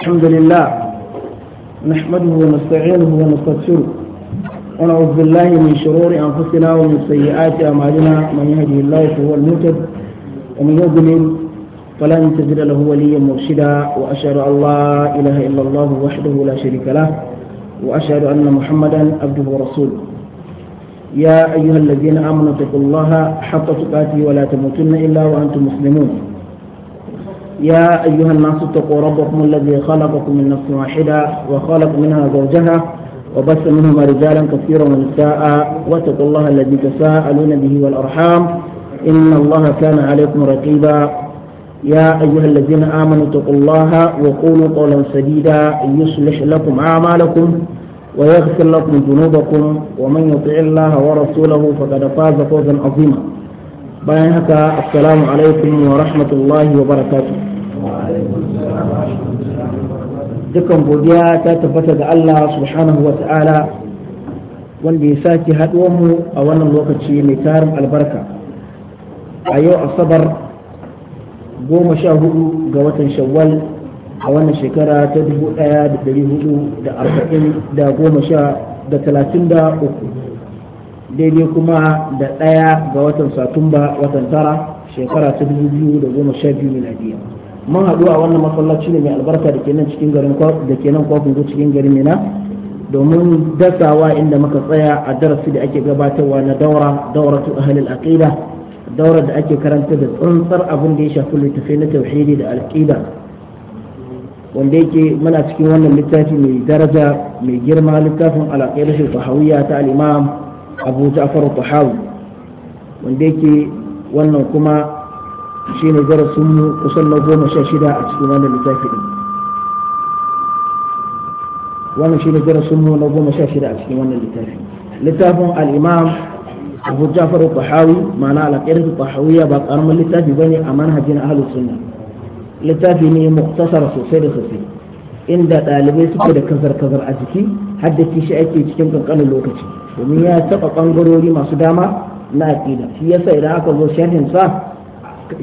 الحمد لله نحمده ونستعينه ونستغفره ونعوذ بالله من شرور انفسنا ومن سيئات اعمالنا من يهده الله فهو المهتد ومن يضلل فلن تجد له وليا مرشدا واشهد ان لا اله الا الله وحده لا شريك له واشهد ان محمدا عبده ورسوله يا ايها الذين امنوا اتقوا الله حق تقاته ولا تموتن الا وانتم مسلمون يا أيها الناس اتقوا ربكم الذي خلقكم من نفس واحدة وخلق منها زوجها وبث منهما رجالا كثيرا ونساء واتقوا الله الذي تساءلون به والأرحام إن الله كان عليكم رقيبا يا أيها الذين آمنوا اتقوا الله وقولوا قولا سديدا يصلح لكم أعمالكم ويغفر لكم ذنوبكم ومن يطع الله ورسوله فقد فاز فوزا عظيما bayan السلام عليكم ورحمة الله وبركاته dukan godiya ta tabbata ga Allah subhanahu wa ta'ala wanda ya sake mu a wannan lokaci mai tarin albarka a yau asabar goma sha hudu ga watan shawwal a wannan shekara ta dubu daya da dari hudu da arba'in da goma sha da talatin da uku daidai kuma da daya ga watan satumba watan tara shekara ta dubu biyu da goma sha biyu miladiyya mun haɗu a wannan masallaci ne mai albarka da kenan cikin garin da kenan kofin ko cikin garin mina domin dasawa inda muka tsaya a darasi da ake gabatarwa na daura dauratu ahlul aqida daurar da ake karanta da tsantsar abin da ya shafi littafai na tauhidi da alƙida wanda yake muna cikin wannan littafi mai daraja mai girma littafin alaƙaidar tahawiyya ta al'imam abu ja'far tahawi wanda yake wannan kuma shi ne darasin mu kusan na goma sha shida a cikin wannan littafi ɗin wannan shi ne darasin mu na goma sha shida a cikin wannan littafi littafin al'imam abu jafar tahawi ma'ana al'aƙirar ya ba ƙaramin littafi ba ne a manhajin ahalus sunna littafi ne muktasar sosai da sosai inda ɗalibai suke da kazar-kazar a jiki haddace shi ake cikin ƙanƙanin lokaci domin ya taɓa ɓangarori masu dama na aƙida shi yasa idan aka zo sharhin sa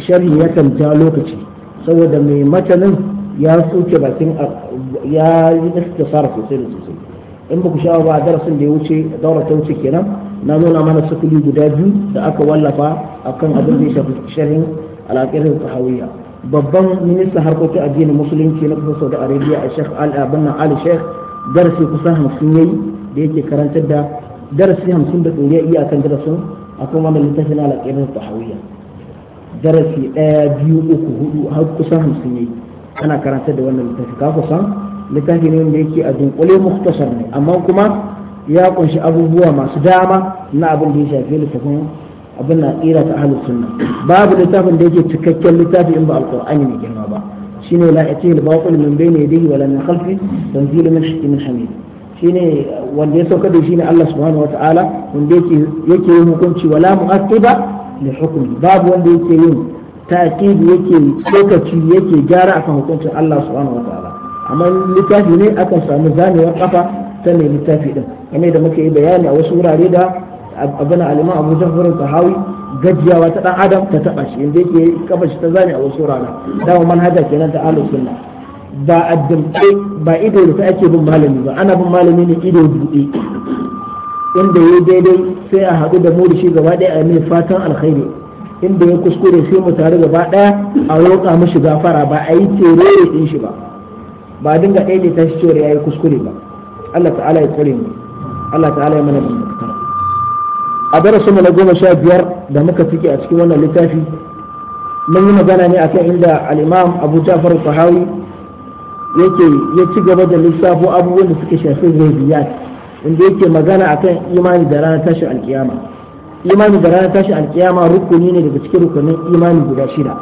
sharhi ya ja lokaci saboda mai matanin ya soke bakin ya yi fara sosai da sosai in ba ku sha ba darasin da ya wuce daura ta wuce kenan na nuna mana sukuli guda biyu da aka wallafa akan abin da ya shafi sharhin alaƙirin sahawiyya babban ministan harkokin addinin musulunci na kusa saudi arabia a shekh al'abin na ali shek darasi kusan hamsin ya yi da yake karantar da darasi hamsin da ɗoriya iyakan darasin kan wannan littafin alaƙirin sahawiyya darasi ɗaya biyu uku hudu har kusan hamsin yayi ana karanta da wannan littafi ka kusan littafi ne wanda yake a dunkule muktasar ne amma kuma ya kunshi abubuwa masu dama na abin da ya shafi littafin abin na tsira ta ahlus sunna babu littafin da yake cikakken littafi in ba alqur'ani ne girma ba shine la yati al baqul min bayni yadihi wala min khalfi tanzilu min hakimin hamid shine wanda ya sauka da shine Allah subhanahu wataala wanda yake yake yin hukunci wala mu'aqiba da hukumi babu wanda yake yin ta'kid yake lokaci yake gyara akan hukuncin Allah subhanahu wa ta'ala amma littafi ne akan samu zamewar kafa ta mai littafi din kamar da muka yi bayani a wasu wurare da abin alima abu jafar tahawi gajiyawa ta dan adam ta taba shi inda yake kafa shi ta zane a wasu wurare dama manhaja kenan ta ahlus sunna ba addamce ba ido da ake bin malami ba ana bin malami ne ido buɗe inda ya daidai sai a haɗu da mu da shi gaba ɗaya a mai fatan alkhairi inda ya kuskure sai mu tare gaba ɗaya a roƙa mishi gafara ba a yi tere ɗin shi ba ba dinga ɗaya ne ta shi cewa ya yi kuskure ba Allah ta'ala ya tsare mu Allah ta'ala ya mana da a darasin mu na goma sha biyar da muka cike a cikin wannan littafi mun yi magana ne akan inda al-Imam Abu Ja'far al yake ya ci gaba da lissafo abubuwan da suka shafi ghaibiyat inda yake magana akan imani da ranar tashin alkiyama imani da ranar tashin alkiyama rukuni ne daga cikin rukunin imani guda shida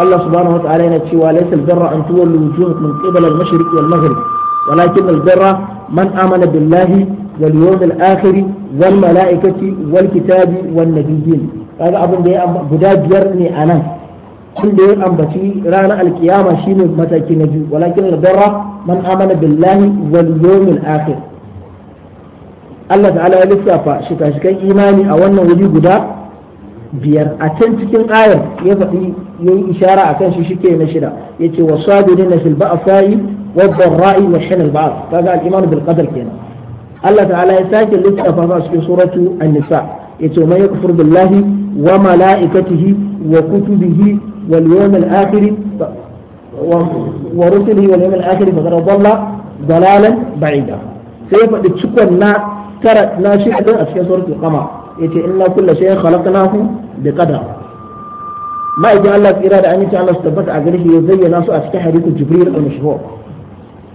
Allah subhanahu wataala yana cewa laysal birra an tuwallu wujuhakum min qibala al-mashriq wal maghrib walakin al-birra man amana billahi wal yawmil akhir wal malaikati wal kitabi wan nabiyyin kaga abin da ya guda biyar ne anan tun da ya ambaci ranar alkiyama shine mataki na biyu walakin al-birra man amana billahi wal yawmil akhir Allah ta'ala ya lissafa shika-shikan imani a wannan wuri guda biyar a can cikin ayar ya faɗi ya yi ishara a kan shi shike na shida ya ce wa sabirin na a sa'i wa barra'i wa shanar ba'a ta ga al'imanu bil qadar kenan Allah ta'ala ya sake lissafa a cikin suratu an-nisa ya yace man yakfur billahi wa malaikatihi wa kutubihi wal yawmil akhir wa rusulihi wal yawmil akhir faqad dhalla dalalan ba'ida sai ya faɗi cikon na ترى لا شيء حدا في سورة القمر يتي إن كل شيء خلقناه بقدر ما يجي الله في إرادة أن يتعلم استبقى أقريه يزي ناسو أفتح حديث جبريل المشهور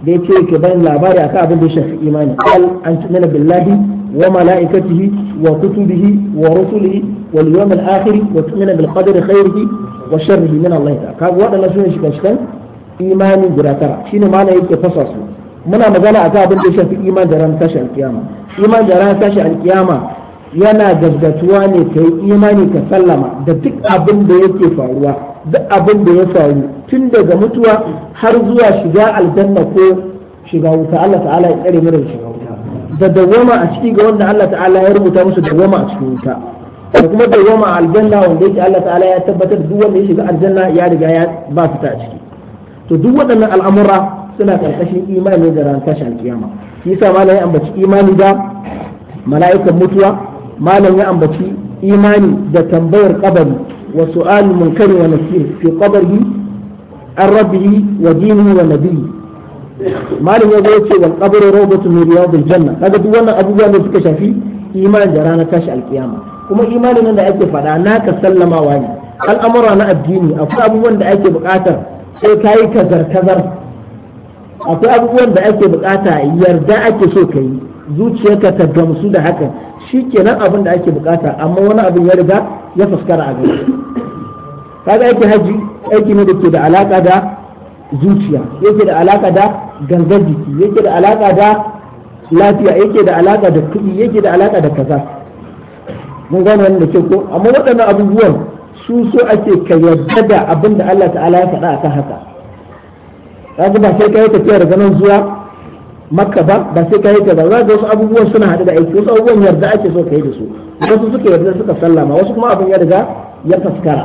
يتي كبين لعبارة أكاب بشيء في إيمان قال أن تؤمن بالله وملائكته وكتبه ورسله واليوم الآخر وتؤمن بالقدر خيره وشره من الله تعالى كاب وقت الله شوية شكاً إيمان براترا شين معنى يتفصصه منا مجالة أكاب بشيء في إيمان درام كشن القيامه iman da ran tashi alkiyama yana gaskatuwa ne ka yi imani ka sallama da duk abin da yake faruwa duk abin da ya faru tun daga mutuwa har zuwa shiga aljanna ko shiga wuta Allah ta'ala ya tsare mu daga shiga wuta da dawwama a ciki ga wanda Allah ta'ala ya rubuta musu dawwama a cikin wuta da kuma dawwama a aljanna wanda yake Allah ta'ala ya tabbatar duk wanda ya shiga aljanna ya riga ya ba fita a ciki to duk waɗannan al'amura suna karkashin imani da ran tashin alkiyama yasa malam ya ambaci imani da mala'ikan mutuwa malam ya ambaci imani da tambayar kabari wa su'al munkari wa nakir fi qabri an rabbihi wa dinihi wa nabiyyi malam ya zo ce wal qabru rawdatu min riyadil janna kaga duk wannan abubuwa da suka shafi imani da ranar tashi alkiyama kuma imanin nan da ake faɗa naka sallamawa ne al'amura na addini akwai abubuwan da ake buƙatar sai kayi kazar kazar akwai abubuwan da ake bukata yarda ake so ka yi zuciyarka ta gamsu da haka shi kenan abin da ake bukata amma wani abin ya riga ya fuskara a gaba kaga aiki haji aiki ne da ke da alaka da zuciya yake da alaka da gangar jiki yake da alaka da lafiya yake da alaka da kuɗi yake da alaka da kaza mun gane wannan da ke ko amma waɗannan abubuwan su so ake ka yarda da abin da Allah ta'ala ya faɗa akan haka kaga ba sai kai tafiya da nan zuwa makka ba ba sai kai kaza za ga wasu abubuwan suna haɗu da aiki wasu abubuwan yarda ake so kai da su wasu suka yarda suka sallama wasu kuma abun ya riga ya faskara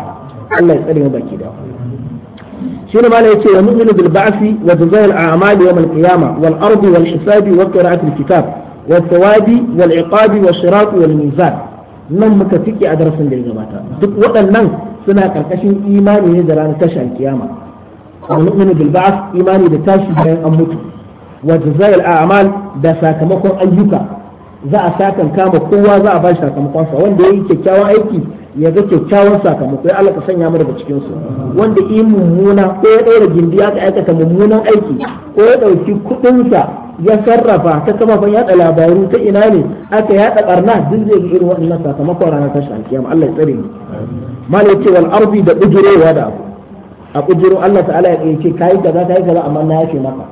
Allah ya tsare mu baki da شنو معنى يتي يؤمن بالبعث وجزاء الأعمال يوم القيامة والأرض والحساب وقراءة wal والثواب والعقاب wal والميزان nan muka tike a darasin da ya gabata duk waɗannan suna ƙarƙashin imani ne da ranar tashar kiyama wa nu'minu bil ba'th imani da tashi bayan an mutu wa jazail a'mal da sakamakon ayyuka za a sakan kama kowa za a ba sakamakon sa wanda yayi kyakkyawan aiki ya ga kyakkyawan sakamako ya Allah ka sanya mu daga cikin su wanda yi mummuna ko ya daura gindi ya aikata mummunan aiki ko ya dauki kudin sa ya sarrafa ta kafafen yada labaru ta ina ne aka yada barna duk zai ga irin waɗannan sakamakon ranar tashin alkiyama Allah ya tsare mu mal wal ardi da ujurewa da abu a kujiro Allah ta'ala ya ce kai kaza kai kaza amma na yafe maka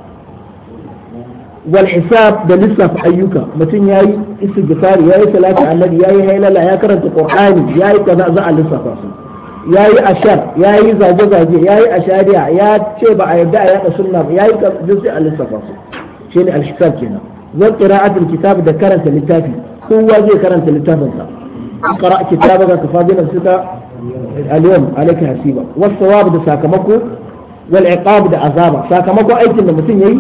wal hisab da lissafa ayyuka mutum yayi istighfar yayi salatu annabi yayi hailala ya karanta qur'ani yayi kaza za a lissafa su yayi ashar yayi zage zage yayi ashariya ya ce ba a yarda a yada sunna ba yayi kaza sai a lissafa su shine al hisab kenan wa qira'atul kitab da karanta littafi kowa zai karanta littafinsa qara kitabaka kafa bi nafsika al-yawm da sakamako wal da azaba sakamako aikin da mutum yayi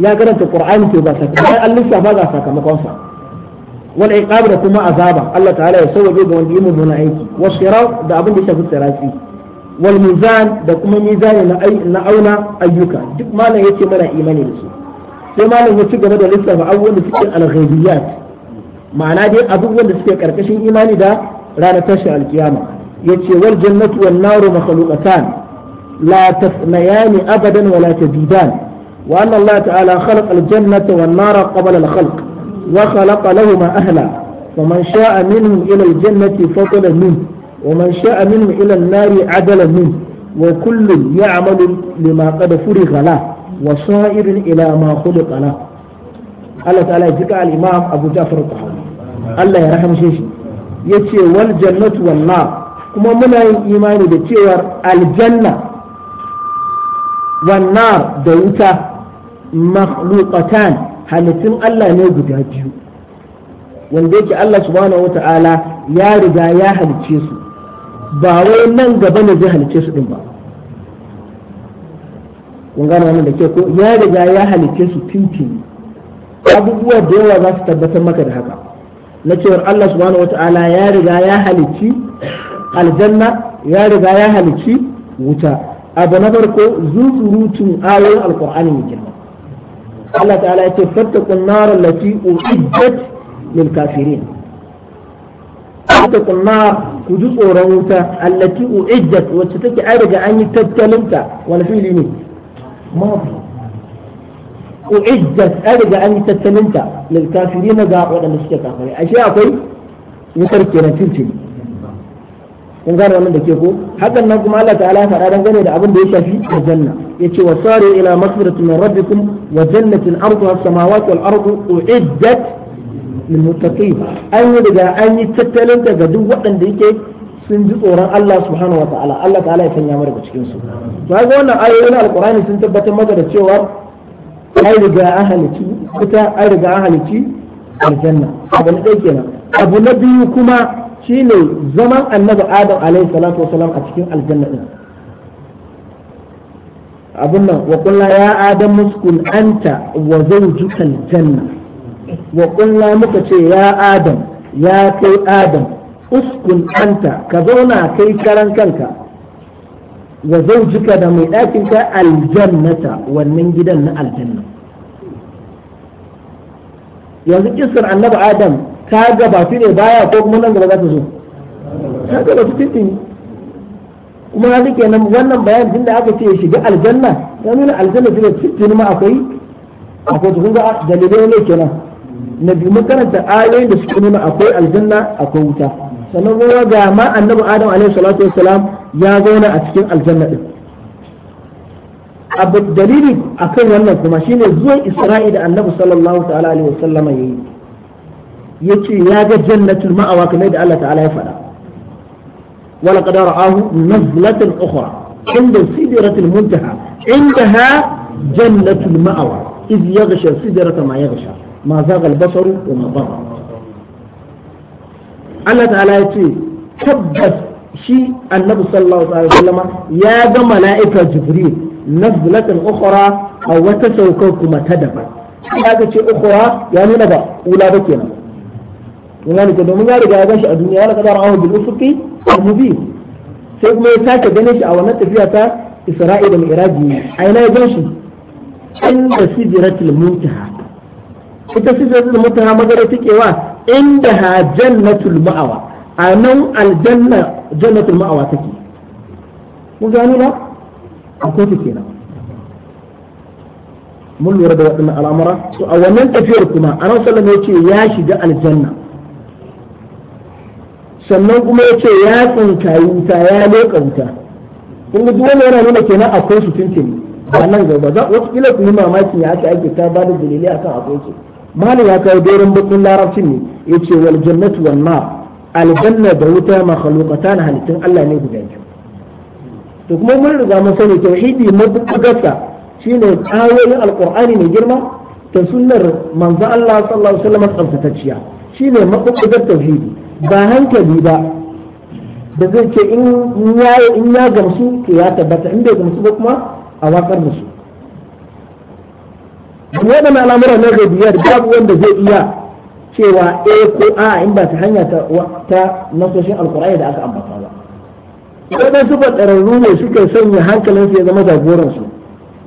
ya karanta qur'ani to ba sakamako an lissafa ga sakamakon sa wal da kuma azaba Allah ta'ala ya sauke ga wanda yi mummunan aiki was-sirat da abin da ya shafi sirati wal mizan da kuma mizani na auna ayyuka duk malam ce mana imani da su sai malam ya ci gaba da lissafa abubuwan da suke al ma'ana ma'ana dai abubuwan da suke karkashin imani da ranar tashin alkiyama يتي والجنة والنار مخلوقتان لا تثنيان أبدا ولا تزيدان وأن الله تعالى خلق الجنة والنار قبل الخلق وخلق لهما أهلا ومن شاء منهم إلى الجنة فضلا منه ومن شاء منهم إلى النار عدلا منه وكل يعمل لما قد فرغ له وصائر إلى ما خلق له الله تعالى يجزيك الإمام أبو جعفر الطحاوي الله يرحم شيخي يتي والجنة والنار kuma muna yin imani da cewar aljanna wannan da wuta makhluqatan halittun Allah ne guda biyu wanda yake Allah subhanahu wata'ala ya riga ya halicce su ba wai nan gaba ne zai halicce su din ba kun gane wannan da ke ko ya riga ya halicce su tintin abubuwa da yawa za su tabbatar maka da haka na cewar Allah subhanahu wata'ala ya riga ya halicci aljanna ya riga ya halici wuta abu na farko zuzurutun ayoyin alkur'ani mai girma Allah ta'ala ya ce fattakun narar lati uiddat lil kafirin fattakun nar ku ji tsoron wuta allati uiddat wacce take ai riga an yi tattalinta wani fili ne mafi uiddat ai riga an yi tattalinta lil kafirin ga waɗanda suke kafirai ashe akwai wutar kenan tuntuni kun gane wannan da ke ko hakan nan kuma Allah ta'ala ya faɗa dangane da abin da ya shafi aljanna yace wa sari ila maghfiratin min rabbikum wa jannatin arduha as-samawati wal ardu uiddat lil muttaqin an yi daga an yi tattalin daga duk waɗanda yake sun ji tsoron Allah subhanahu wa ta'ala Allah ta'ala ya sanya mu daga cikin su to ga wannan ayoyin alqur'ani sun tabbatar maka da cewa ai daga an halici ai riga aljanna abu na ɗaya kenan abu na biyu kuma shine zaman annabi adam alaihi salatu wasalam a cikin aljanna din abun nan wa qulna ya adam muskun anta wa zawjukal janna wa muka ce ya adam ya kai adam uskun anta ka zauna kai karan kanka wa zawjuka da mai ɗakin ka aljannata wannan gidan na aljanna yanzu kissar annabi adam ta gabatu ne baya ko kuma nan gaba za ta zo ta gabatu tintini kuma haka kenan wannan bayan da aka ce ya shiga aljanna ya nuna aljanna tunda tintini ma akwai akwai kun ga dalilai ne kenan na biyu mun karanta ayoyin da suke nuna akwai aljanna akwai wuta sannan kuma ga ma annabi adam alaihi salatu wassalam ya zauna a cikin aljanna din abu dalili akan wannan kuma shine zuwan isra'ila annabi sallallahu ta'ala alaihi wasallama yayi yace ya ga jannatul ma'awa kamar da Allah ta'ala ya faɗa wala qadara ahu nazlatul ukhra inda sidratul muntaha indaha jannatul ma'awa iz yaghsha sidrata ma yaghsha ma zaga al-basaru wa ma dhara Allah ta'ala yace tabbas shi annabi sallallahu alaihi wasallama ya ga mala'ika jibril nazlatan ukhra a wata saukar kuma ta daban kaga ce ukhra ya nuna ba ula ba kenan kun gane domin ya riga ya gan shi a duniya wala kadar ahu bil ufuqi al-mubin sai kuma ya sake ganin shi a wannan tafiya ta Isra'ila da Iraji a ina ya gan shi inda sidratul muntaha ita sidratul muntaha magana take wa inda ha jannatul ma'awa a nan aljanna jannatul ma'awa take kun gano na a kotu kenan mun lura da waɗannan al'amura to a wannan tafiyar kuma anan sallama ya ce ya shiga aljanna sannan kuma ya ce ya tsinka wuta ya leƙa wuta kun ga duk wani yana nuna kenan akwai su tuntuni a nan gaba za wasu kila ku yi mamakin ya ake ake ta bada dalilai akan akwai su malam ya kawo doron bakin larabcin ne ya ce wal jannatu wan nar aljanna da wuta khaluqatan halittun Allah ne guda biyu to kuma mun riga mun sani tauhidi mabugarsa shine ayoyin alqur'ani mai girma da sunnar manzo Allah sallallahu alaihi wasallam tsaftatacciya shine mabugar tauhidi ba hankali ba da zai ce in ya in ya gamsu to ya tabbata in bai gamsu ba kuma a wakar musu waɗannan al'amuran na gaibiyar babu wanda zai iya cewa eh ko a in ba ta hanya ta nasoshin alqur'ani da aka ambata waɗansu faɗararru ne suka sanya hankalin su ya zama jagoransu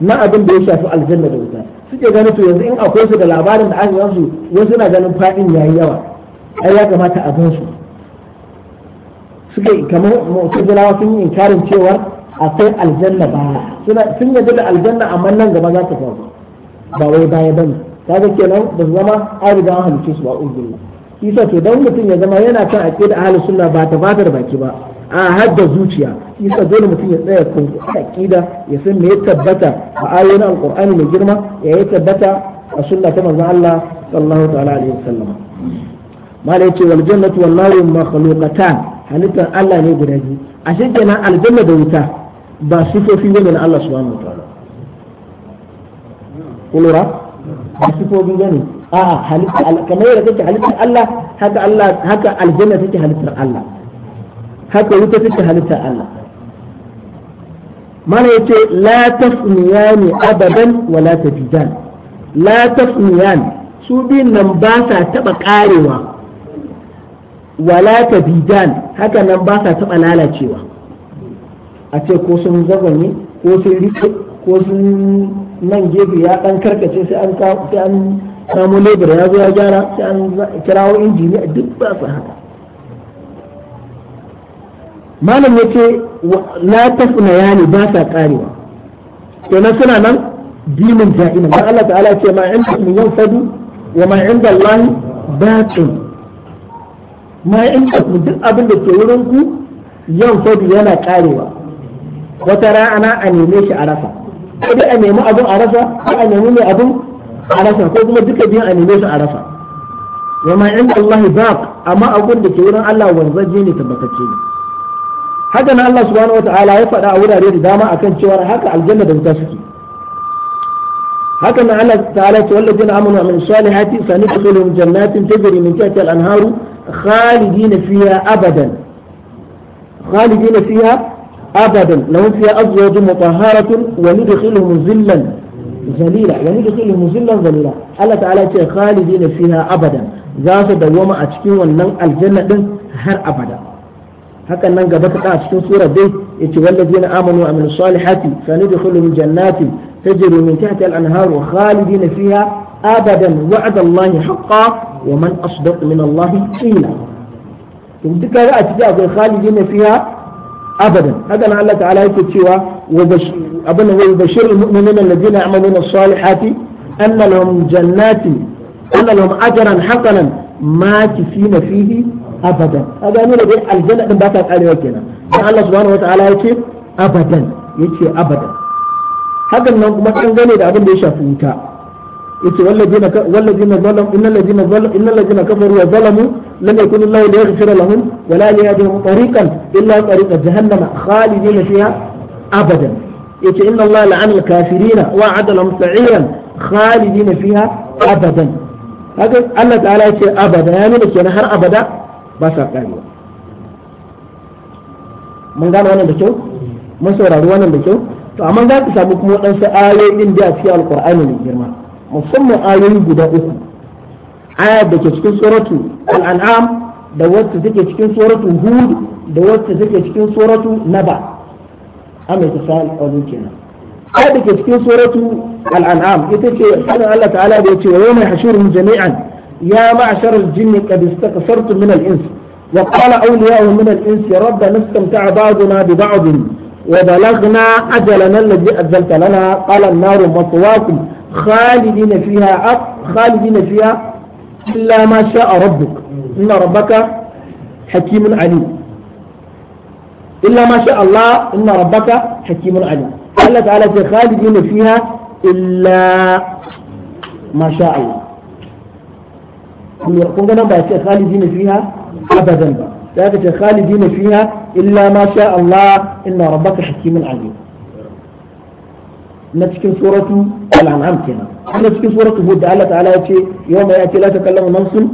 na abin da ya shafi aljanna da wuta suke ganin to yanzu in akwai su da labarin da aka yi su wasu na ganin faɗin yayi yawa ai ya kamata a gan su suke kamar sun yi inkarin cewa akwai aljanna baya suna sun yarda da aljanna amma nan gaba za ta faru ba wai baya bane kaga kenan ba su zama an riga an halice su ba ubin Kisa to don mutum ya zama yana kan da ahalin sunna ba ta fatar baki ba a hadda zuciya isa dole mutum ya tsaya kan aqida ya san me ya tabbata a ayoyin alqur'ani mai girma ya ya tabbata a sunna ta manzon Allah sallallahu ta'ala alaihi wasallam malai ce wal jannatu wal naru makhluqatan halittar Allah ne guda biyu a kenan aljanna da wuta ba sifofi ne na Allah subhanahu wa ta'ala kulura ba sifofi ne a'a halitta kamar yadda take halittar Allah haka Allah haka aljanna take halittar Allah haka wuta take halitta Allah mana yace la tasniyani abadan wa la tafidan la tasniyan su biyun nan ba sa taba karewa wala tabidan haka nan ba sa taba lalacewa a ce ko sun zagwani ko sun rike ko sun nan gefe ya dan karkace sai an sai an samu lebur ya zo ya gyara sai an kirawo injiniya duk ba su haka malam ce la tafna ne ba sa karewa kenan suna nan dinin ja'ina dan Allah ta'ala ce ma inda mun yanfadu wa ma inda Allah batin ma inda mun duk abin da ke wurin ku yanfadu yana karewa wata ra'ana a neme shi a rasa ko dai a nemi abin a rasa ko a nemi ne abin a rasa ko kuma duka biyan a neme shi a rasa wa ma inda Allah baq amma abin da ke wurin Allah wanzaje ne tabbatacce ne haka na Allah subhanahu wataala ya faɗa a wurare da dama akan cewa haka aljanna da wuta suke haka na Allah ta'ala ce wallazina amanu min salihati sanadkhuluhum jannatin tajri min tahtiha al-anharu khalidina fiha abadan خالدين فيها أبدا لهم فيها أزواج مطهرة وندخلهم ظلا ذليلا وندخلهم ظلا ce الله تعالى abada za su dawoma a cikin wannan aljanna din har abada. hakan nan gaba ta a cikin surar dai yace wallazina amanu wa amilus salihati sanudkhuluhum jannatin tajri min tahtiha al-anhar khalidina fiha abadan wa'ada Allah haqqan wa man asdaq min Allah qila to duka a cikin akwai khalidina fiha abadan hakan Allah ta'ala yake cewa wa abana wa bashirul mu'minina alladhina ya'maluna as-salihati anna lahum jannatin anna lahum ajran hasanan ma kifina fihi abadan a gano da dai aljanna din ba ta karewa kenan dan Allah subhanahu wataala ya ce abadan yace abadan hakan nan kuma an gane da abin da ya shafi wuta yace wallazina wallazina zalamu innal ladina zalamu innal ladina kafaru wa zalamu lam yakun Allah liyaghfira lahum wa la yahdihim tariqan illa tariqa jahannama khalidina fiha abadan yace inna Allah la'ana al-kafirina wa 'ada lahum sa'iran khalidina fiha abadan haka Allah ta'ala yace abada ya nuna kenan har abada ba sa karewa mun gane wannan da kyau mun saurari wannan da kyau to amma za ku samu kuma waɗansu ayoyin da a cikin alƙur'ani mai girma musamman ayoyi guda uku aya da ke cikin suratu al'an'am da wacce take cikin suratu hud da wacce take cikin suratu naba amma ta sa'al wajen kenan aya da ke cikin suratu al'an'am ita ce sanin Allah ta'ala da ya ce wa mai hashirin jami'an يا معشر الجن قد استكثرتم من الإنس وقال أولياء من الإنس يا ربنا استمتع بعضنا ببعض وبلغنا أجلنا الذي أجلت لنا قال النار مصواكم خالدين فيها أب خالدين فيها إلا ما شاء ربك إن ربك حكيم عليم إلا ما شاء الله إن ربك حكيم عليم قال تعالى خالدين فيها إلا ما شاء الله kun ga nan ba ce khalidina fiha abadan ba da ka ce khalidina fiha illa ma sha Allah inna rabbaka hakimun alim na cikin suratu al-an'am kenan na cikin suratu hud da Allah ta'ala ya ce yawma ya'ti la takallamu nafsun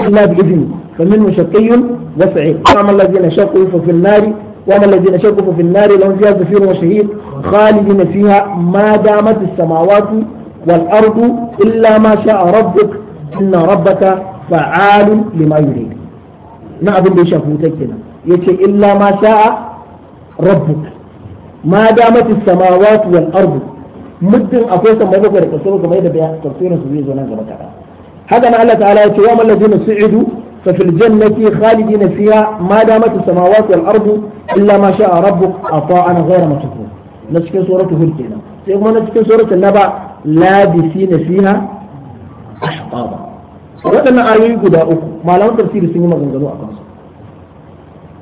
illa bi idni faminhum shaqiyyun wa sa'id amma alladhina shaqu fa fil nari wa amma alladhina shaqu fa fil nari lahum fiha zafirun wa shahid khalidina fiha ma damat as-samawati wal ardu illa ma sha'a rabbuka إن ربك فعال لما يريد ما أظن بشافوتك كنا إلا ما شاء ربك ما دامت السماوات والأرض مدن أفوسا ما يذكر قصوره كما يدبع تفسير سبيز ونعز هذا ما الله تعالى يوم الذين سعدوا ففي الجنة خالدين فيها ما دامت السماوات والأرض إلا ما شاء ربك أطاعنا غير ما تفعل نسكن سورة هل كنا نسكن سورة النبأ لابسين فيها ahqaba waɗannan ayoyi guda uku malaman tafsiri sun yi maganganu a kansu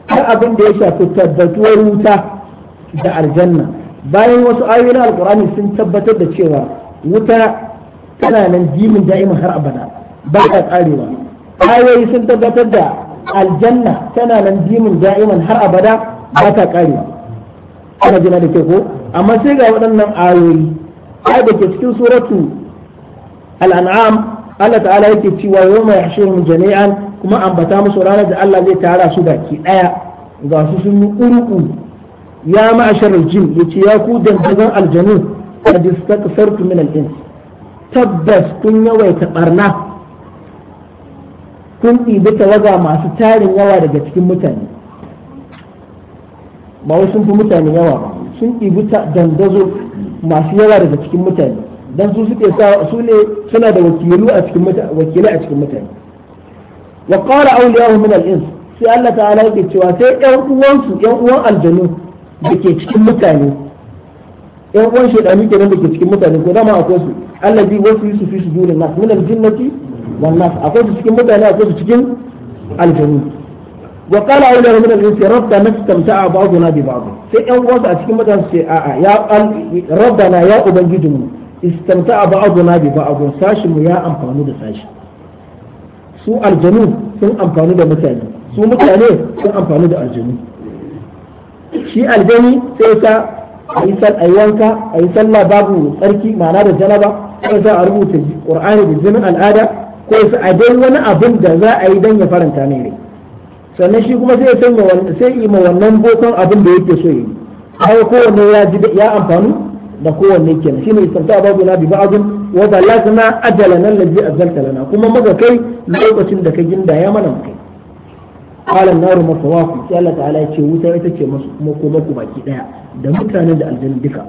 har abin da ya shafi tabbatuwar wuta da aljanna bayan wasu ayoyi na alkurani sun tabbatar da cewa wuta tana nan jimin da'iman har abada ba ta karewa ayoyi sun tabbatar da aljanna tana nan jimin da'iman har abada ba ta karewa ana jina da ke ko amma sai ga waɗannan ayoyi ai da ke cikin suratu al'an'am Allah ta'ala yake cewa yau mai hashirin jami'an kuma ambata musu ranar da Allah zai tara su da ke ɗaya ga su sun yi ƙuruƙu ya ma'ashar jin ya ce ya ku dandazon aljanu a distakasartu min ɗin. tabbas kun yawaita ɓarna kun ɗibi tawaga masu tarin yawa daga cikin mutane ba wasu sun fi mutane yawa ba sun ɗibi dandazo masu yawa daga cikin mutane dan su suke sa su ne suna da wakilu a cikin mutane wakilai a cikin mutane wa qala awliyahu min al-ins sai Allah ta'ala yake cewa sai ƴan uwansu ƴan uwan aljanu dake cikin mutane ƴan uwan shedani kenan dake cikin mutane ko dama akwai su allah allazi wasu su fi su sujurin nas min al-jinnati wan nas akwai su cikin mutane akwai su cikin aljanu وقال أولى من الإنس ربنا استمتع بعضنا ببعض في أول وقت أتكلم مثلا آه a'a ربنا يا أبن جدمو istamta ba'duna bi ba'd sashi mu ya amfanu da sashi su aljanu sun amfanu da mutane su mutane sun amfanu da aljanu shi aljani sai ka ayi sal ayyanka ayi sallah babu tsarki ma'ana da janaba sai sa a rubuta qur'ani da jinin al'ada ko sai a dai wani abin da za a yi dan ya faranta ne sannan shi kuma sai ya sanya sai yi ma wannan bokon abin da yake so yi ai ko ya ya amfanu da kowanne kenan shine istamta babu na bi ba'dun wa balagna ajalana allazi azalta lana kuma muka kai lokacin da ka ginda ya mana kai qala naru masawaku sai Allah ta'ala ya ce wuta ita ce musu kuma ko maku baki daya da mutanen da aljanna duka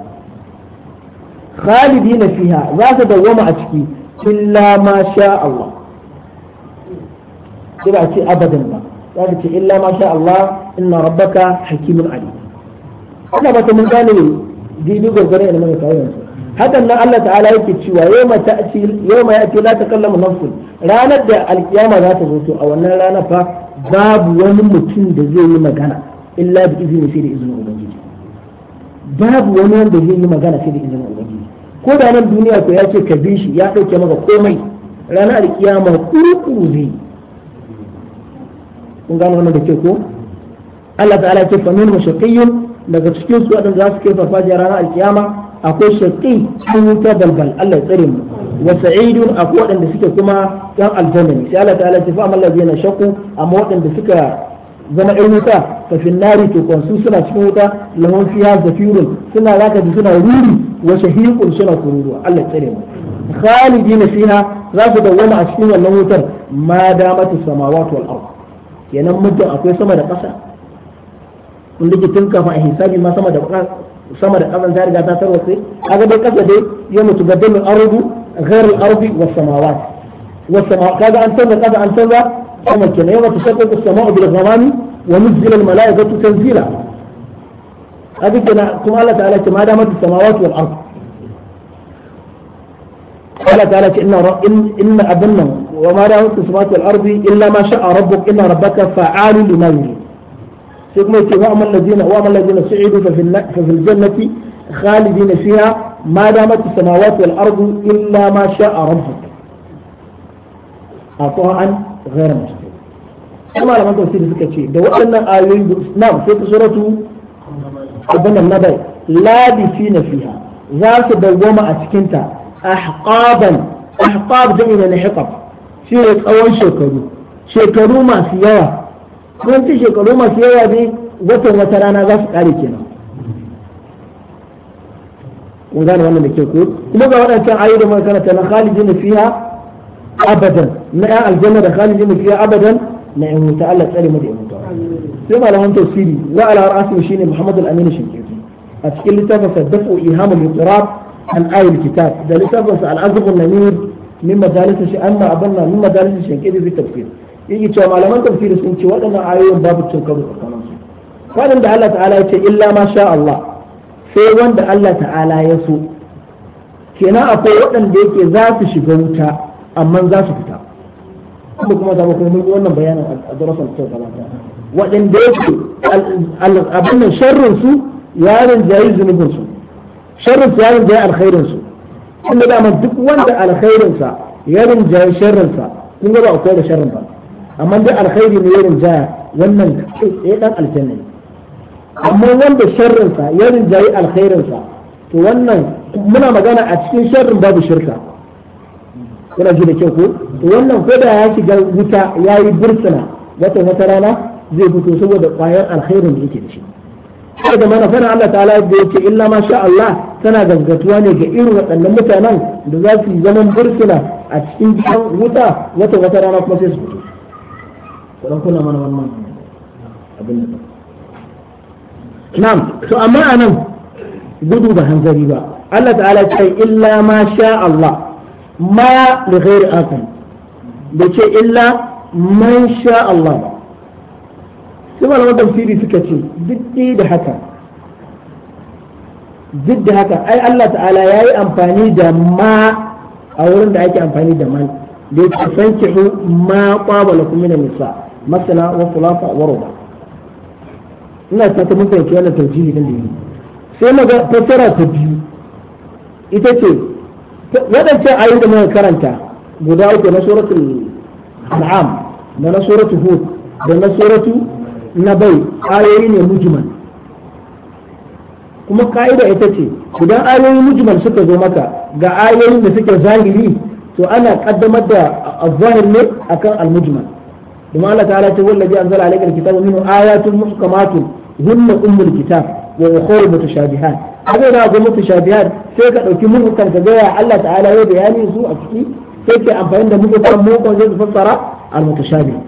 khalidina fiha za ta dawwama a ciki illa ma sha Allah kira ce abadan ba za ce illa ma sha Allah inna rabbaka hakimun alim Allah ba ta mun gane dini gurgurin ilimin ka yanzu hakan nan Allah ta'ala yake cewa yawma ta'ti yawma ya'ti la kallama nafsu ranar da alkiyama za ta zo to a wannan rana fa babu wani mutum da zai yi magana illa bi izini sai da izinin ubangiji babu wani wanda zai yi magana sai da izinin ubangiji ko da nan duniya ko ya ka bi shi ya dauke maka komai ranar alkiyama kurkuru zai kun gano wannan da ke ko Allah ta'ala ke fa min mushaqiyyun daga cikin su waɗanda za su kai farfajiyar ranar alkiyama akwai shaƙi an wuta balbal Allah ya tsare mu wa sa'idun akwai waɗanda suke kuma yan aljanna ne sai Allah ta'ala ya fa amma yana shaqu amma waɗanda suka zama ɗan wuta fa fin nari to kon su suna cikin wuta lahum fiha zafirun suna zaka ji suna ruri wa shahiqun suna kururuwa Allah ya tsare mu khalidin fiha za su dawwama a cikin wannan wutar ma damatu samawati wal ard kenan muddin akwai sama da ƙasa wanda ke tun kafa a hisabi ma sama da sama da ƙasar ta riga ta tarwatse kaga dai ƙasa dai ya mutu ga dalil arudu ghairu ardi was samawat was samawat kaga an canza ƙasa an canza sama kenan yau ta shakku sama'u bil ghamami wa nuzila al mala'ikatu tanzila kaga kenan kuma Allah ta'ala ce ma damat samawati wal ard قال تعالى إن إن أبنا وما له في السماوات والأرض إلا ما شاء ربك إن ربك فعال لما يريد sai kuma yace wa amal ladina wa amal ladina su'idu fa fil jannati khalidin fiha ma damat samawati wal ardu illa ma sha'a rabbuk ata'an ghayra mustaqim kuma malaman tafsiri suka ce da waɗannan ayoyi na'am sai ta suratu abin nan nabai labisina fiha za su dawwama a cikinta ahqaban ahqab jami'in na hiqab shi tsawon shekaru shekaru masu yawa kun ci shekaru masu yawa dai watan wata rana za su kare kenan kun gane wannan da ke ku kuma ga waɗancan ayoyi da magana ta na khalidin fiha abadan na yan aljanna da khalidin fiha abadan na yan wuta Allah tsare mu da yan wuta sai malaman tafsiri wa ala ra'asu shine Muhammad al-Amin Shinkiti a cikin littafin sa da dafu ihamul qirab an ayil kitab da littafin sa al-azb an-namir min madalis shi amma abanna min madalis Shinkiti fi tafsir yake cewa malaman tafsiri sun ce waɗannan ayoyin babu cin karo tsakanin su waɗanda Allah ta'ala ya ce illa ma sha Allah sai wanda Allah ta'ala ya so kenan akwai waɗanda yake za su shiga wuta amma za su fita kuma kuma zama kuma mun yi wannan bayanin a darasan ta ta. waɗanda yake abin nan sharrin su yarin jayi zunubin su sharrin su yarin jayi alkhairin su inda dama duk wanda alkhairin sa yarin jayi sharrin sa kun ga ba akwai da sharrin ba amma dai alkhairi ne yarin jaya wannan kai tsaye dan aljanna amma wanda sharrinsa yarin jayi alkhairinsa to wannan muna magana a cikin sharrin babu shirka kuna ji da kyau ko to wannan ko da ya shiga wuta yayi bursuna wata wata rana zai fito saboda kwayar alkhairin da yake da shi sai da mana fara Allah ta'ala da yake illa ma sha Allah tana gaskatuwa ne ga irin waɗannan mutanen da za su yi zaman bursuna a cikin gidan wuta wata wata rana kuma sai su fito kudan kuna mana wannan abin da na'am to amma anan gudu ba hanzari ba Allah ta'ala ce illa ma sha Allah ma li ghairi akan da ce illa man sha Allah ba sai malaman tafsiri suka ce duk da haka duk da haka ai Allah ta'ala ya yi amfani da ma a wurin da ake amfani da man da ya ce fankihu ma kwabala kuma da nisa masana wa khulafa wa ruba ina ta ta mutunce wannan taujihi din da yi sai maga fassara ta biyu ita ce waɗancan ayoyi da muka karanta guda uku na suratul al'am da na hud da na nabai kuma ka'ida ita ce idan ayoyin mujmal suka zo maka ga ayoyin da suke zahiri to ana kaddamar da azzahir ne akan al-mujmal kuma Allah ta'ala ce wallazi aya alayka alkitaba minhu ayatun muhkamatun hunna ummul kitab wa ukhra mutashabihat akwai da akwai mutashabihat sai ka dauki muhkam ka ga Allah ta'ala ya bayani su a ciki sai ka amfani da muhkam muhkam zai fassara al-mutashabih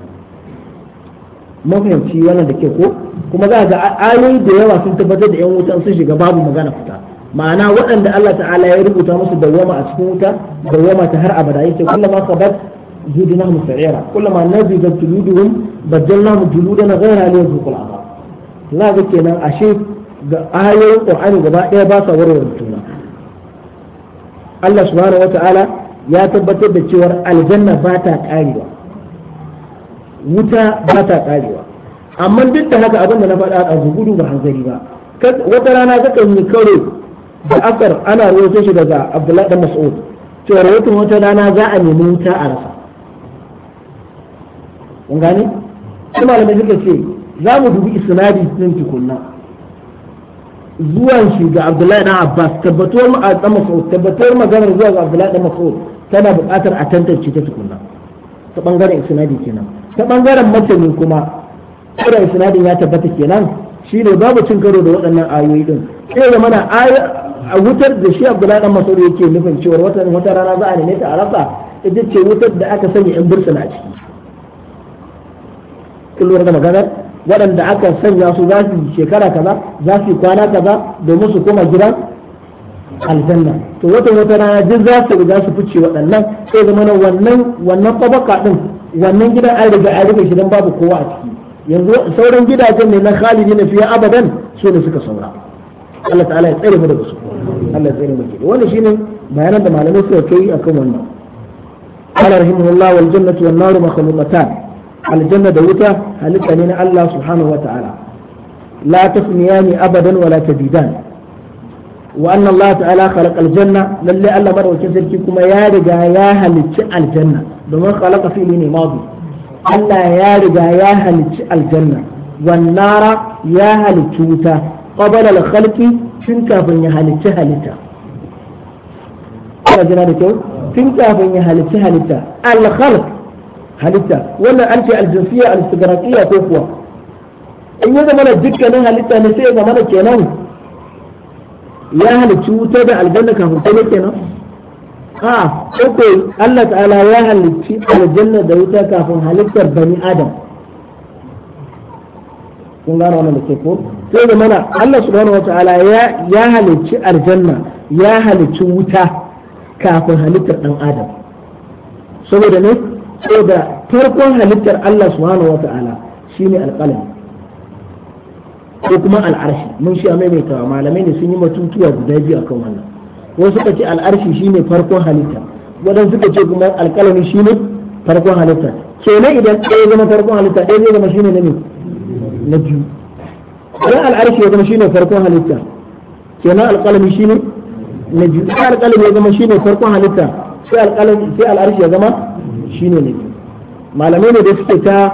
mun fahimci da ke ko kuma za ga ayoyi da yawa sun tabbatar da yan wutan sun shiga babu magana fita ma'ana waɗanda Allah ta'ala ya rubuta musu dawwama a cikin wuta dawwama ta har abada yake kullum ma زدناهم سعيرا كلما نضجت جلودهم بدلناهم جلودا غيرها ليذوقوا العذاب لا كنا أشيء آية القرآن gaba ɗaya ba warware juna Allah subhanahu ya tabbatar da cewar aljanna ba ta karewa wuta ba ta karewa amma duk da haka abinda na faɗa a gudu ba hanzari ba wata rana kakan yi karo da akar ana rawaito shi daga Abdullahi da Mas'ud cewa rawaito wata rana za a nemi wuta a rasa kun gane sai malamai suka ce za mu dubi isnadi din tukunna zuwan shi ga Abdullahi dan Abbas tabbatuwar ma'azan Mas'ud tabbatuwar maganar zuwa ga Abdullahi dan Mas'ud tana buƙatar a tantance ta tukunna ta bangaren isnadi kenan ta bangaren masanin kuma kira isnadin ya tabbata kenan shi ne babu cin karo da waɗannan ayoyi din sai da mana a wutar da shi Abdullahi dan Mas'ud yake nufin cewa wata rana za a neme ta a rasa ita ce wutar da aka sanya yan bursuna a ciki kin lura da maganar waɗanda aka sanya su za su shekara kaza za su kwana kaza domin su koma gidan aljanna to wata wata rana duk za su riga su fice waɗannan sai zama na wannan wannan tabaka din wannan gidan an riga an riga shi dan babu kowa a ciki yanzu sauran gidajen ne na khalidi na fiye abadan su ne suka saura Allah ta'ala ya tsare mu daga su Allah ya tsare mu ke wannan shine bayanan da malamai suka kai akan wannan قال رحمه الله والجنة والنار مخلوقتان aljanna da wuta halitta ne na Allah subhanahu wa ta'ala la tasmiyani abadan wala tabidan wa anna Allah ta'ala khalaqa aljanna lalle Allah madaukakin sarki kuma ya riga ya halicci aljanna domin khalaqa fi ne madi Allah ya riga ya halicci aljanna wan nara ya halicci wuta qabala al-khalqi tun kafin ya halicci halitta kana jira da kyau tun kafin ya halicci halitta al-khalq halitta wannan an ce aljinsiya alistigrafiya ko kuwa in ya zama da dukkanin halitta ne sai ya zama da kenan ya halicci wuta da aljanna kafin kuma kenan a ko Allah ta'ala ya halicci aljanna da wuta kafin halittar bani adam kun gano wannan da ke ko sai da mana Allah subhanahu wata'ala ya ya halicci aljanna ya halicci wuta kafin halittar dan adam saboda ne saboda farkon halittar Allah subhanahu wa ta'ala shine alqalam ko kuma al'arshi mun shi mai tawa malamai ne sun yi matutuwa guda biyu akan wannan wasu suka ce al'arshi shine farkon halitta wadansu suka ce kuma alqalami shine farkon halitta kenan idan ɗaya zama farkon halitta ɗaya zai zama shine na ne na biyu idan al'arshi ya zama shine farkon halitta kenan alqalami shine na biyu sai alqalami ya zama shine farkon halitta sai alqalami sai al'arshi ya zama shine ne malamai ne da suke ta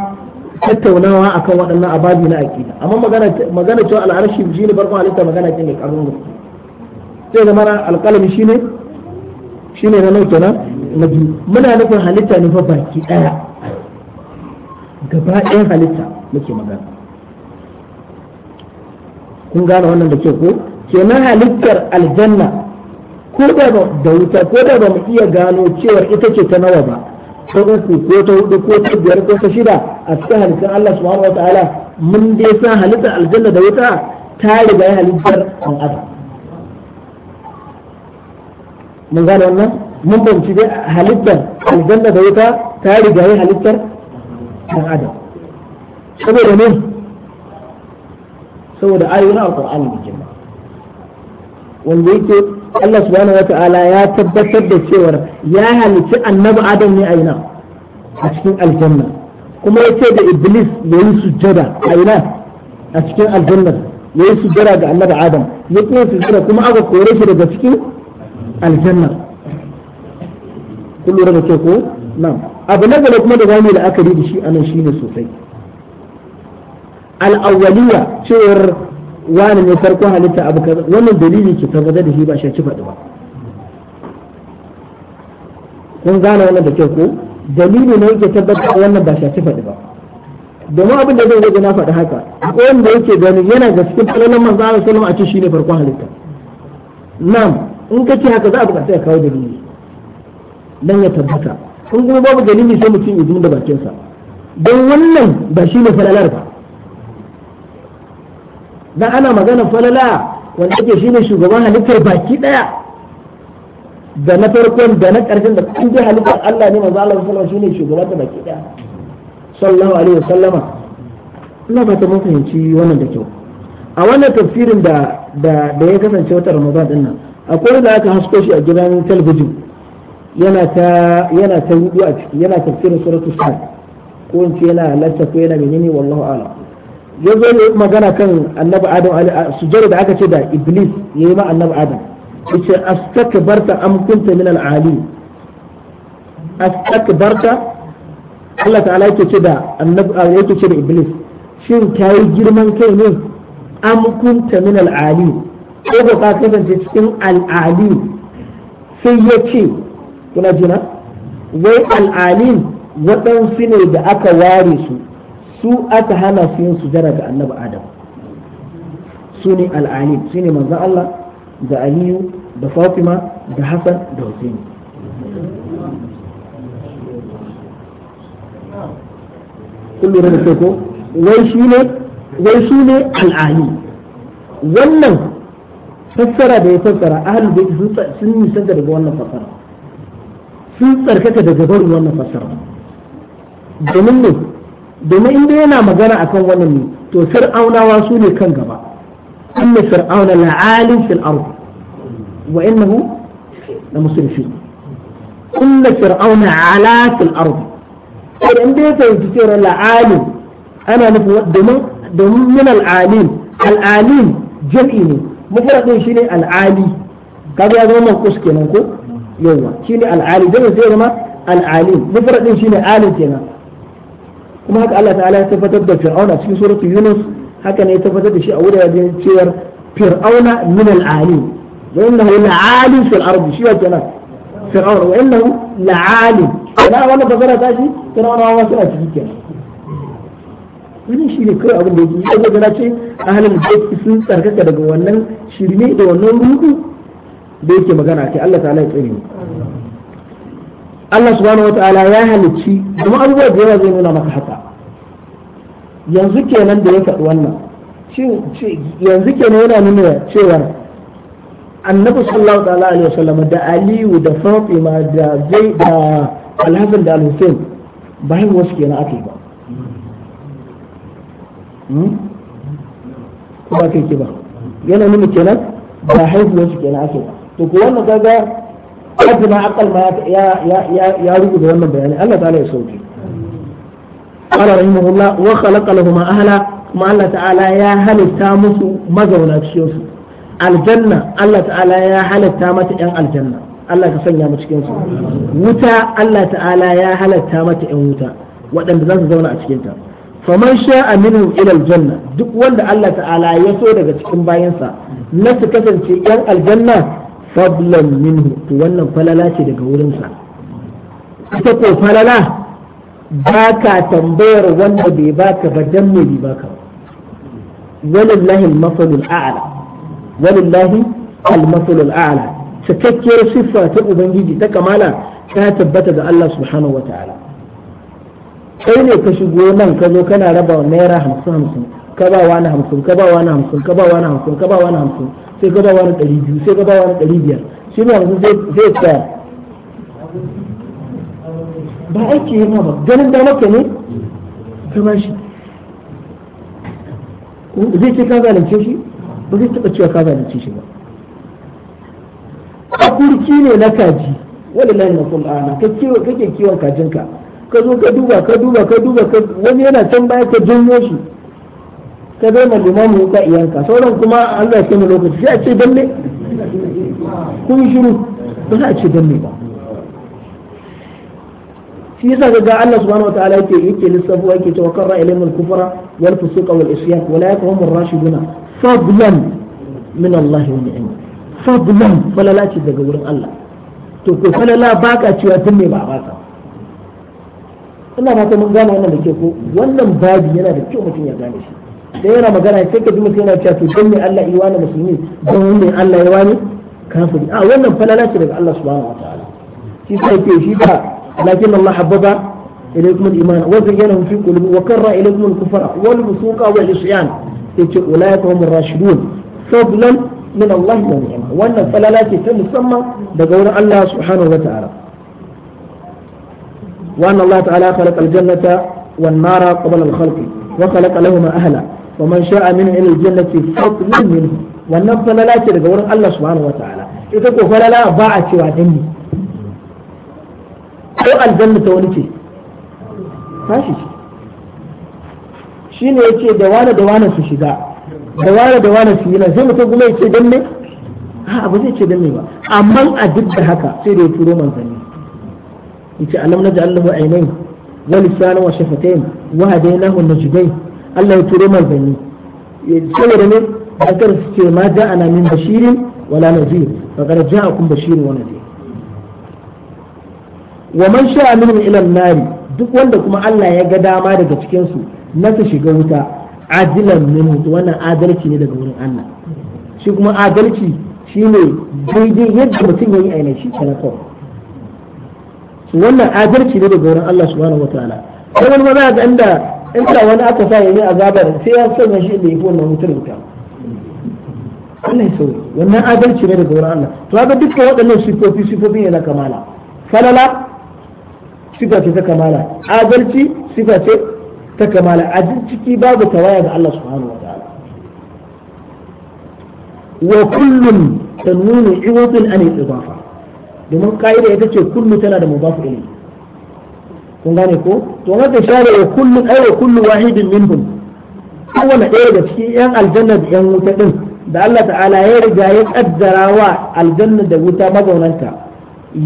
tattaunawa akan waɗannan ababi na aqida amma magana cewa al-arshi shi ne barko halitta magana ce mai karun gaske sai da mara al-qalam shi ne na nauta na na muna nufin halitta ne fa baki ɗaya gaba ɗayan halitta muke magana kun gane wannan da ke ko kenan halittar aljanna ko da da wuta ko da ba mu iya gano cewar ita ce ta nawa ba ta uku ko ta hudu ko ta biyar ko ta shida a cikin halittar Allah subhanahu wataala mun dai san halittar aljanna da wuta ta riga ya halittar an adam mun gane wannan mun banci dai halittar aljanna da wuta ta riga ya halittar an adam saboda ne saboda ayoyin da jima wanda yake Allah subhanahu wata'ala ya tabbatar da cewar ya halici annabi adam ne a ina a cikin aljanna kuma ya ce da iblis ya yi sujjada a ina a cikin aljanna ya yi sujjada ga annabi adam ya kuma sujjada kuma aka kore shi daga cikin aljanna kun lura da ke ko na'am abu na gaba kuma da zamu yi la'akari da shi anan shine sosai al-awwaliya cewar wani ne farko halitta abu kaza wannan dalili ke tabbata da shi ba shi faɗi ba kun gane wannan da kyau ko dalili ne yake tabbatar da wannan ba shi faɗi ba domin abin da zai rage na faɗi haka akwai wanda yake gani yana ga cikin falalan manzo Allah sallallahu alaihi wasallam a ce ne farko halitta nam in ka ce haka za a buƙaci ya kawo dalili dan ya tabbata in kuma babu dalili sai mutum ya da bakinsa don wannan ba shi ne falalar ba dan ana magana falala wanda yake shine shugaban halittar baki daya da na farkon da na karshen da kun ji halittar Allah ne manzo Allah sallallahu alaihi wasallam shine shugaban ta baki daya sallallahu alaihi wasallama ina ba ta mun fahimci wannan da kyau a wannan tafsirin da da ya kasance wata Ramadan din nan akwai da aka hasko shi a gidan talabijin yana ta yana ta hudu a ciki yana tafsirin suratul sad ko in ce yana halatta ko yana menene wallahu a'lam ya zo ya magana kan annabi adam sujjada da aka ce da iblis ya yi ma annabi adam yace astakbarta am kunta min al-ali astakbarta Allah ta'ala yake ce da annabi yake ce da iblis shin kai girman kai ne am kunta min al-ali ko ba ka kasance cikin al sai ya ce kuna jina wai al-alim waɗansu ne da aka ware su su aka hana su yin sujada ga annabi adam su ne al'alim su ne manzan Allah da aliyu da fatima da hassan da husaini kullum da ko wai su ne wai su ne al'ali wannan fassara da ya fassara da bait sun nisanta daga wannan fassara sun tsarkaka daga barin wannan fassara domin ne domin inda yana magana akan wannan ne to fir'aunawa su ne kan gaba anna fir'auna la'alin fil ard wa innahu la musrifin inna fir'auna ala fil ard sai inda ya fahimci cewa la'alin ana nufin domin domin min al'alim al'alim jam'i ne mufradin shine al'ali kaga ya zama kus kenan ko yawa shine al'ali dan sai zama al'alim mufradin shine alim kenan kuma haka Allah ta'ala ya tabbatar da fir'auna cikin suratul yunus haka ne ya tabbatar da shi a wuraren cewar fir'auna min al-ali wa innahu la'ali fil ardi shi wa kenan fir'auna wa innahu la'ali kana wannan bazara ta shi fir'auna wa suna ciki kenan wannan shi ne kai abin da yake yi ga na ce ahlul bait sun tsarkaka daga wannan shirme da wannan ruhu da yake magana kai Allah ta'ala ya tsare mu Allah subhanahu wataala ya halicci kuma abubuwa da yawa zai nuna maka haka yanzu kenan da ya faɗi wannan yanzu kenan yana nuna cewa annabi sallallahu ta'ala alaihi wasallam da aliyu da fatima da zai da alhazin da alhussein ba yi wasu kenan aka yi ba hmm? ko ba kai ke ba yana nuna kenan ba haihuwarsu kenan ake ba to ku wannan gaga hajji ma akal ma ya da wannan bayani Allah ta'ala ya sauke qala rahimahullah wa khalaqa lahum ahla kuma Allah ta'ala ya halitta musu mazauna cikin su aljanna Allah ta'ala ya halitta mata yan aljanna Allah ka sanya mu cikin su wuta Allah ta'ala ya halitta mata yan wuta waɗanda za su zauna a cikin ta faman sha'a minhum ila aljanna duk wanda Allah ta'ala ya so daga cikin bayansa na su kasance yan aljanna fadlan minhu to wannan falala ce daga wurinsa ita ko falala ba ka tambayar wanda bai baka ba dan me bai baka walillahi al-masalul a'la walillahi al-masalul a'la cikakkiyar siffa ta ubangiji ta kamala ta tabbata ga Allah subhanahu ta'ala, kai ne ka shigo nan ka zo kana raba naira hamsin hamsin ka ba wani hamsin ka ba wani hamsin ka ba wani hamsin ka ba wani hamsin sai ka ba wani ɗari biyu sai ka ba wani ɗari biyar shi ne hamsin zai tsaya ba aiki yi ba ganin da maka ne zama shi zai ce ka zalunce shi ba zai taɓa cewa ka zalunce shi ba a kurki ne na kaji wani wallahi na kul'ana kake kiwon kajinka ka zo ka duba ka duba ka duba wani yana can baya ka janyo shi ta bai ma limamin wuka iyanka sauran kuma Allah ya kama lokaci sai a ce dan kun shiru ba za a ce dan ba shi yasa ga Allah subhanahu wataala yake yake lissafu yake cewa karra ilayhim al-kufra wal fusuqa wal isyan wa la yakhum ar-rashiduna fadlan min Allah wa ni'ma fadlan falala ce daga wurin Allah to ko falala baka cewa tun ne ba a baka ina fata mun gane wannan da ke ko wannan babi yana da kyau mutum ya gane shi sai yana magana sai ka ji mutum yana cewa to don me Allah yi wani musulmi don me Allah yi wani kafiri a wannan falala ce daga Allah subhanahu wa ta'ala shi sai ke shi ba lakin Allah habbaba ilaykum al-iman wa zayyana fi qulubi wa karra ilaykum al-kufra wal fusuqa wal isyan yace ulaika hum ar-rashidun fadlan min Allah wa ni'ma wannan falala ce ta musamman daga wurin Allah subhanahu wa ta'ala وأن الله تعالى خلق الجنة والنار قبل الخلق وخلق لهما أهلا wa man sha'a min ila aljannati fadlun minhu wannan falala ce daga wurin Allah subhanahu wataala ita ko falala ba a cewa dinni ko aljanna ta wani ce tashi shine yace da wani da wani su shiga da wani da wani su yi sai mutum kuma yace dan ne ha ba zai ce dan ne ba amma a duk da haka sai da ya turo manzanni yace alam naj'al lahu aynayn wa lisanan wa shafatayn wa hadaynahu najdayn Allah ya turo manzanni saboda ne akar su ce ma ana min bashirin wala nazir fa qad kun bashiri wani nazir wa man sha'a minhum ila an-nar duk wanda kuma Allah ya ga dama daga cikin su na su shiga wuta adilan mutu wannan adalci ne daga wurin Allah shi kuma adalci shine daidai yadda mutum yayi aina shi kana kawai wannan adalci ne daga wurin Allah subhanahu wataala sai wani ma za ga inda in ka wani aka sa yayi azabar sai ya sanya shi da yafi wannan wutar ta, Allah ya sauri wannan adalci ne daga wurin Allah to haka dukkan waɗannan sifofi sifofi ne na kamala falala sifa ce ta kamala adalci sifa ce ta kamala a ciki babu tawaya ga Allah subhanahu wa ta'ala wa kullum tanwini iwadin an yi tsibafa, domin ka'ida ita ce kullu tana da mubafu ilayhi kun gane ko to wanda share wa kullu ay wa kullu wahidin minhum kowane ɗaya da cikin yan aljanna da yan wuta din da Allah ta'ala ya riga ya kaddara wa aljanna da wuta mazaunanta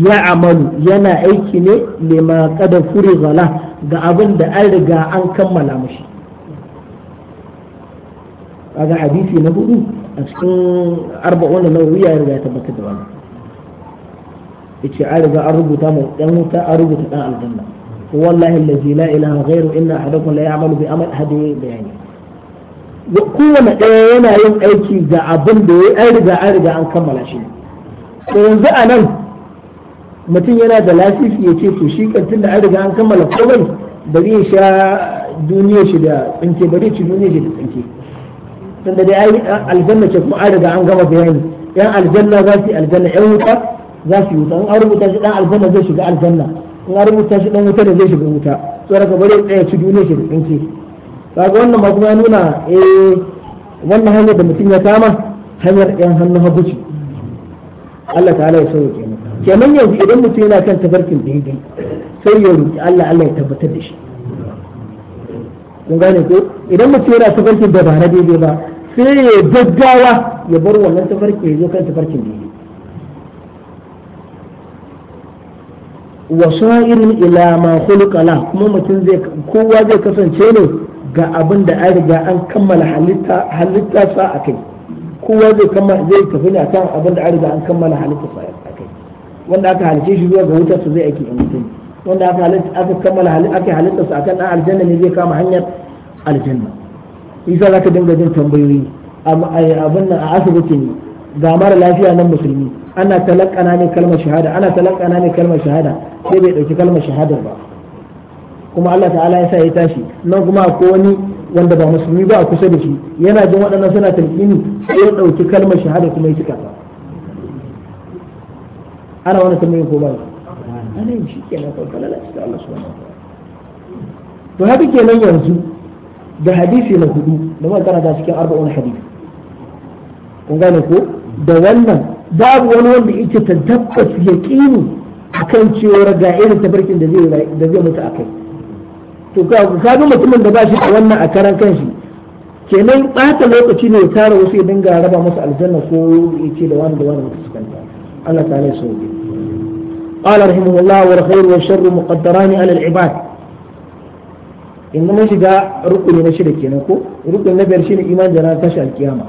ya amalu yana aiki ne ma kada furi gala ga abin da an riga an kammala mashi kaga hadisi na hudu a cikin arba'un na wuya ya riga ya tabbatar da wannan yace an riga an rubuta mu dan wuta an rubuta dan aljanna wallahi allazi la ilaha ghairu inna ahadakum la ya'malu bi amal ahadi bayani kowane ɗaya yana yin aiki ga abin da ya yi riga an riga an kammala shi to yanzu a nan mutum yana da lasisi ya ce to shi kantin da an riga an kammala komai bari ya sha duniya shi da tsinke bari ci duniya shi da tsinke tunda dai ai aljanna ce kuma an riga an gama bayani yan aljanna za su yi aljanna yan wuta za su yi wuta in an rubuta shi dan aljanna zai shiga aljanna in an shi dan wuta da zai shiga wuta saboda ka bari tsaya ci duniya shi da tsinke kaga wannan ba kuma nuna eh wannan hanyar da mutum ya kama hanyar yan hannun hagu ce Allah ta'ala ya sauke kenan kenan yanzu idan mutum yana kan tafarkin daidai sai ya roki Allah Allah ya tabbatar da shi kun gane ko idan mutum yana tafarkin da ba na daidai ba sai ya gaggawa ya bar wannan tafarkin ya zo kan tafarkin daidai wa sha'irin ila ma khulqala kuma mutum zai kowa zai kasance ne ga abin da an riga an kammala halitta halitta sa akai kowa zai kama zai tafi ne akan abin da an riga an kammala halitta sa akai wanda aka halice shi zuwa ga wutar su zai aiki a mutum wanda aka halitta aka kammala aka halitta sa akan dan aljanna ne zai kama hanyar aljanna isa zaka dinga jin tambayoyi abin nan a asibiti ne ga mara lafiya nan musulmi ana talakana ne kalmar shahada ana talakana ne kalmar shahada sai bai dauki kalmar shahadar ba kuma Allah ta'ala ya sa ya tashi nan kuma akwai wani wanda ba musulmi ba a kusa da shi yana jin waɗannan suna talqini sai ya dauki kalmar shahada kuma ya cika ta ana wani tambayi ko ba ana yin shi kenan ko kalala ta Allah subhanahu wa ta'ala to haka kenan yanzu da hadisi na hudu da muka da cikin arba'un hadisi kun gane ko da wannan babu wani wanda yake ta tabbas yaqini akan cewa ga irin tabarkin da zai da zai mutu akai to ka mutumin da ba shi da wannan a karan kanshi kenan ɓata lokaci ne ya tara wasu ya dinga raba masa aljanna ko ya ce da wani da wani mutu sukanta Allah ta'ala ya sauke قال رحمه الله والخير والشر مقدران على العباد in mun shiga rukuni na shida kenan ko rukuni na biyar shine iman da ranar tashi alkiyama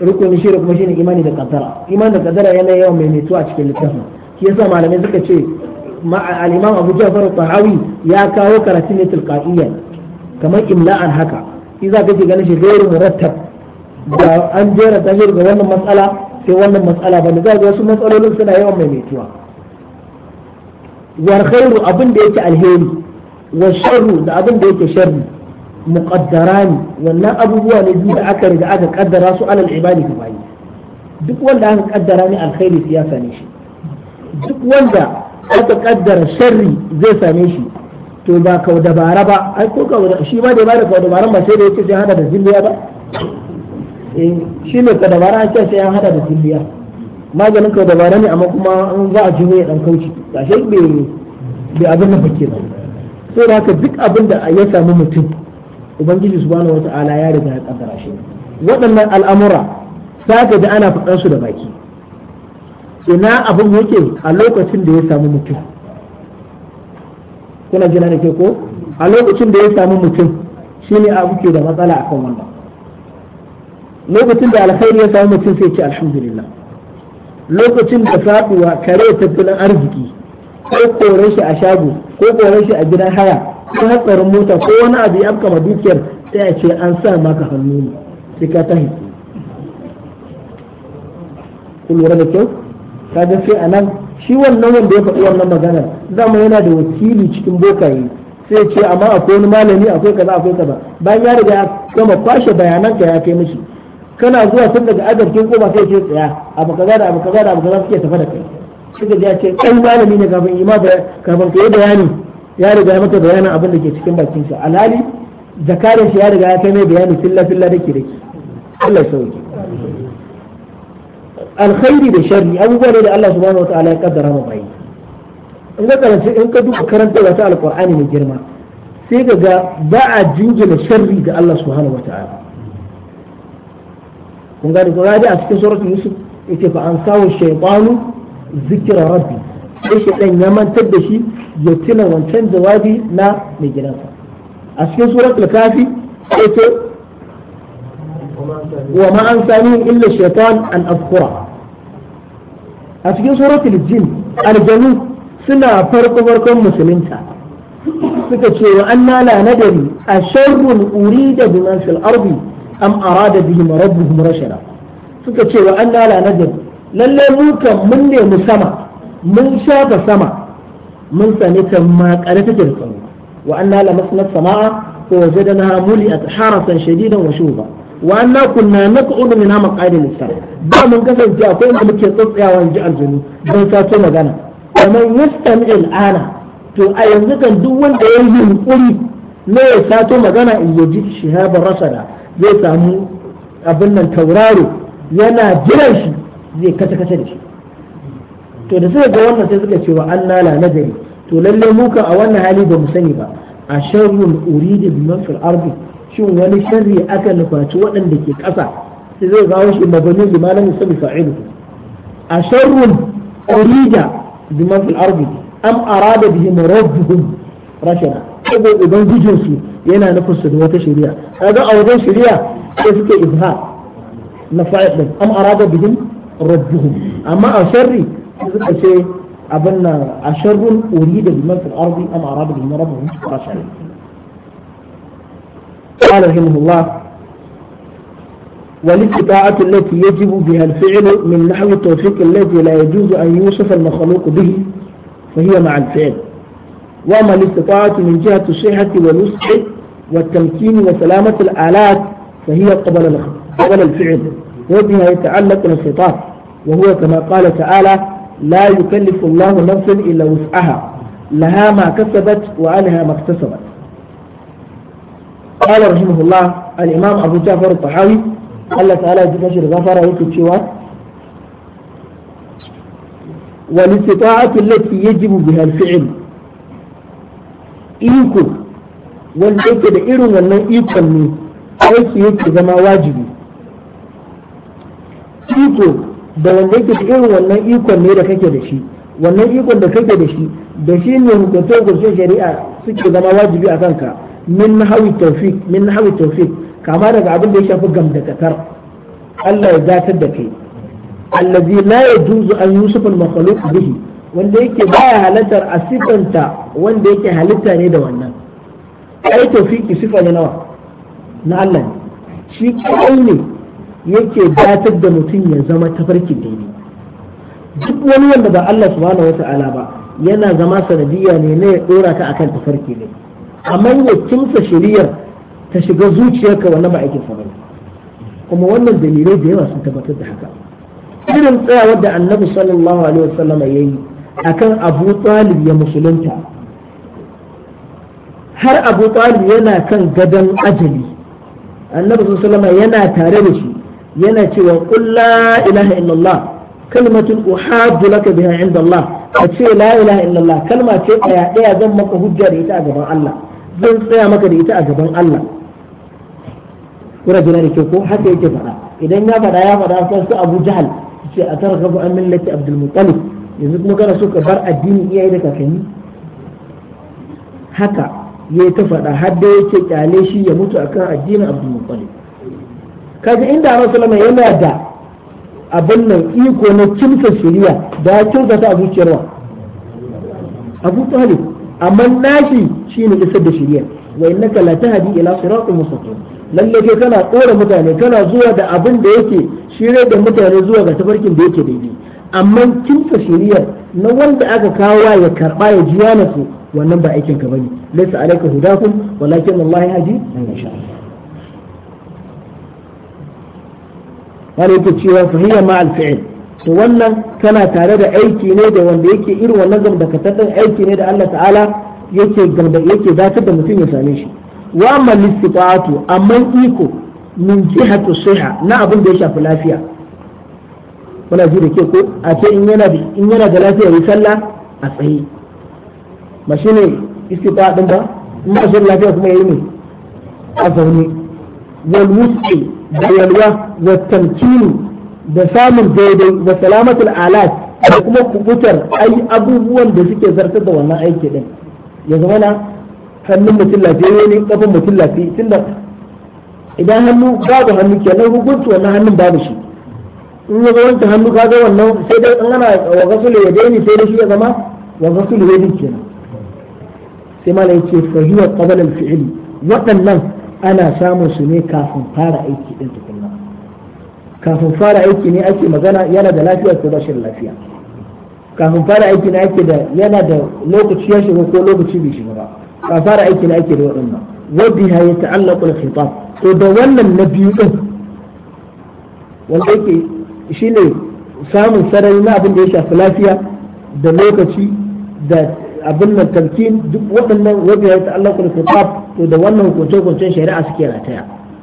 rukunin shirin kuma shine imani da kaddara imani da kaddara yana yawan maimaituwa a cikin littafin shi yasa malamai suka ce al-imam Abu Ja'far Tahawi ya kawo karatun ne kamar imla'an haka idza ji ganin shi gairu murattab da an jera ta ga wannan matsala sai wannan matsala ba za ga wasu matsalolin suna yawan maimaituwa war khairu abin da yake alheri wa sharru da abin da yake sharri ni, wannan abubuwa ne biyu da aka riga aka kaddara su alal ibadi ga bayi duk wanda aka kaddara ni alkhairi ya same shi duk wanda aka kaddara sharri zai same shi to ba kau dabara ba ai shi ba ba da kau dabaran ba sai da yake sai hada da zilliya ba eh shi ne kau dabara ake sai an hada da zilliya maganin kau dabara ne amma kuma za a jiwo ya dan kauci gashi bai ba da haka duk abin da ya sami mutum ubangiji subhanahu wata'ala ya riga ya kaddara shi waɗannan al'amura ga da ana faɗan su da baki ina abin yake a lokacin da ya samu mutum kuna jina da ke ko a lokacin da ya samu mutum shine abu ke da matsala akan wannan lokacin da alkhairi ya samu mutum sai ce alhamdulillah lokacin da faɗuwa kare tattalin arziki ko kore shi a shago ko kore shi a gidan haya ko hatsarin mota ko wani abu ya kama dukiyar sai a ce an sa maka hannu ne sai ka tahi ku lura da kyau kaga sai anan shi wannan wanda ya faɗi wannan magana zama yana da wakili cikin bokaye sai ce amma akwai wani malami akwai kaza akwai kaza bayan ya riga ya gama kwashe bayanan ka ya kai mishi kana zuwa tun daga agabkin koma sai ce tsaya abu kaza da abu kaza da abu kaza suke tafa da kai suka ce kai malami ne kafin ima kafin ka yi bayani ya riga ya mata bayanin abin da ke cikin bakin shi alhali zakarin shi ya riga ya kai mai bayani filla filla dake dake Allah ya sauke alkhairi da sharri abubuwa ne da Allah subhanahu wataala ya kaddara mu bai in ka karanta in ka duba karanta wata alqur'ani mai girma sai ka ga ba a jingina sharri ga Allah subhanahu wataala kun gane ko a cikin suratul yusuf yake fa an sawo shaytanu zikra rabbi sai ɗan ya mantar da shi ya tuna wancan jawabi na mai gidansa a cikin suratul kafi sai ce wa ma an sani illa shaitan an afkura a cikin suratul jin aljanu suna farko farkon musulunta suka ce wa anna la nadari a sharrun urida bi man fil ardi am arada bihim rabbuhum rashada suka ce wa anna la nadari lalle mu kan mun ne mu sama mun shafa sama mun sani ta makare take da tsaro wa anna lamasna samaa fa wajadnaha muli'at harasan shadidan wa shuba wa anna kunna naq'udu minha maq'ada lis ba mun kasance akwai inda muke in ji aljunu don sato magana kamar yastami'il ana to a yanzu kan duk wanda ya yi yunkuri ne ya sato magana in yaji shihabar rasada zai samu abin nan tauraro yana jiran shi zai kace kace da shi to da suka ga wannan sai suka ce wa anna la nadari to lalle mu kan a wannan hali ba mu sani ba a sharrun uridi bi man fil ardi shin wani sharri aka nufaci waɗanda ke ƙasa sai zai gawo shi mabani bi malamin sabi fa'ilu a sharrun urida bi man fil ardi am arada bihim rabbuhum rashada ko idan gujin su yana nufin su da wata shari'a kaga a wajen shari'a sai suke ibha na fa'il am arada bihim rabbuhum amma a sharri suka ce abin nan a sharrun uri da biman fil ardi am arada قال رحمه الله والاستطاعة التي يجب بها الفعل من نحو التوفيق الذي لا يجوز أن يوصف المخلوق به فهي مع الفعل وما الاستطاعة من جهة الصحة والوسع والتمكين وسلامة الآلات فهي قبل قبل الفعل وبها يتعلق الخطاب وهو كما قال تعالى لا يكلف الله نفسا إلا وسعها لها ما كسبت وعليها ما اكتسبت قال رحمه الله الإمام أبو جعفر الطحاوي قال تعالى يجزاه الغفر ويكتشوا والاستطاعة التي يجب بها الفعل إيكو والبيت دائر ولا إيكو أو سيكو زما واجبي إيكو da wanda yake irin wannan ikon ne da kake da shi wannan ikon da kake da shi da shi ne hukuntar gurshe shari'a suke zama wajibi a kanka min hawi tawfiq min hawi tawfiq kama daga abin da ya shafi gamdakatar Allah ya datar da kai allazi la yajuzu an yusuf al makhluq bihi wanda yake baya halatar a sifanta wanda yake halitta ne da wannan ai tawfiqi sifa ne nawa na Allah shi kai ne yake datar da mutum ya zama tafarkin daidai duk wani wanda ba Allah subhanahu wata'ala ba yana zama sanadiyya ne na ya dora ka akan tafarki ne amma ya kimsa shari'ar ta shiga zuciyarka wannan ba aikin kuma wannan dalilai da yawa sun tabbatar da haka irin tsayawar da annabi sallallahu alaihi wasallam ya yi akan abu talib ya musulunta har abu talib yana kan gadon ajali annabi sallallahu alaihi wasallam yana tare da shi yana cewa qul la ilaha illallah kalmatun uhaddu laka biha inda Allah a ce la ilaha illallah kalma ce daya daya zan maka hujja da ita a gaban Allah zan tsaya maka da ita a gaban Allah kuna jira da ko haka yake faɗa idan ya faɗa ya faɗa kan su Abu Jahal ce a tarka bu an millati Abdul Muttalib yanzu kuma kana so ka bar addini iyaye da kakanni haka ya ta faɗa har da yake kyale shi ya mutu akan addinin Abdul Muttalib kaji inda Annabi yana da abin nan iko na kimsa shari'a da ya kimsa ta a zuciyarwa Abu Talib amma nashi shine isar da shari'a wa innaka la tahdi ila siratin mustaqim lalle kai kana tsora mutane kana zuwa da abin da yake shirye da mutane zuwa ga tabarkin da yake daidai amma kimsa shari'ar na wanda aka kawo ya karba ya jiya na su wannan ba aikin ka bane laysa alayka hudakum walakin Allah yahdi man yasha wani yake cewa fahiyar ma alfi'il to wannan tana tare da aiki ne da wanda yake irin wannan gamdakatattun aiki ne da Allah ta'ala yake gamba yake da mutum ya same shi wa amma istiqatu amma iko min jihatu siha na abin da ya shafi lafiya wala ji da ke ko a ce in yana da in yana da lafiya yi sallah a tsaye ba shine din ba in ba shi lafiya kuma yayi ne a zaune والوسع والوه والتمكين da samun daidai da salamatul alat da kuma kubutar ai abubuwan da suke zartar da wannan aiki din ya zama na hannun mutum lafiyayye ne kafin mutum lafiya tunda idan hannu babu hannu kenan hukunci wannan hannun babu shi in ya wanke hannu kaga wannan sai dai an ana wa gasulu ya daini sai dai shi ya zama wa sai ce waɗannan ana samun su ne kafin fara aiki din tukunna kafin fara aiki ne ake magana yana da lafiya ko rashin lafiya kafin fara aiki ne ake da yana da lokaci ya shiga ko lokaci bai shiga ba kafin fara aiki ne ake da waɗannan wadda ya yi ta'allaqul khitab to da wannan na biyu din wanda yake shine samun sarari na abin da ya shafi lafiya da lokaci da abin nan tamkin duk waɗannan wajen ta Allah da kitab to da wannan hukunce hukuncen shari'a suke rataya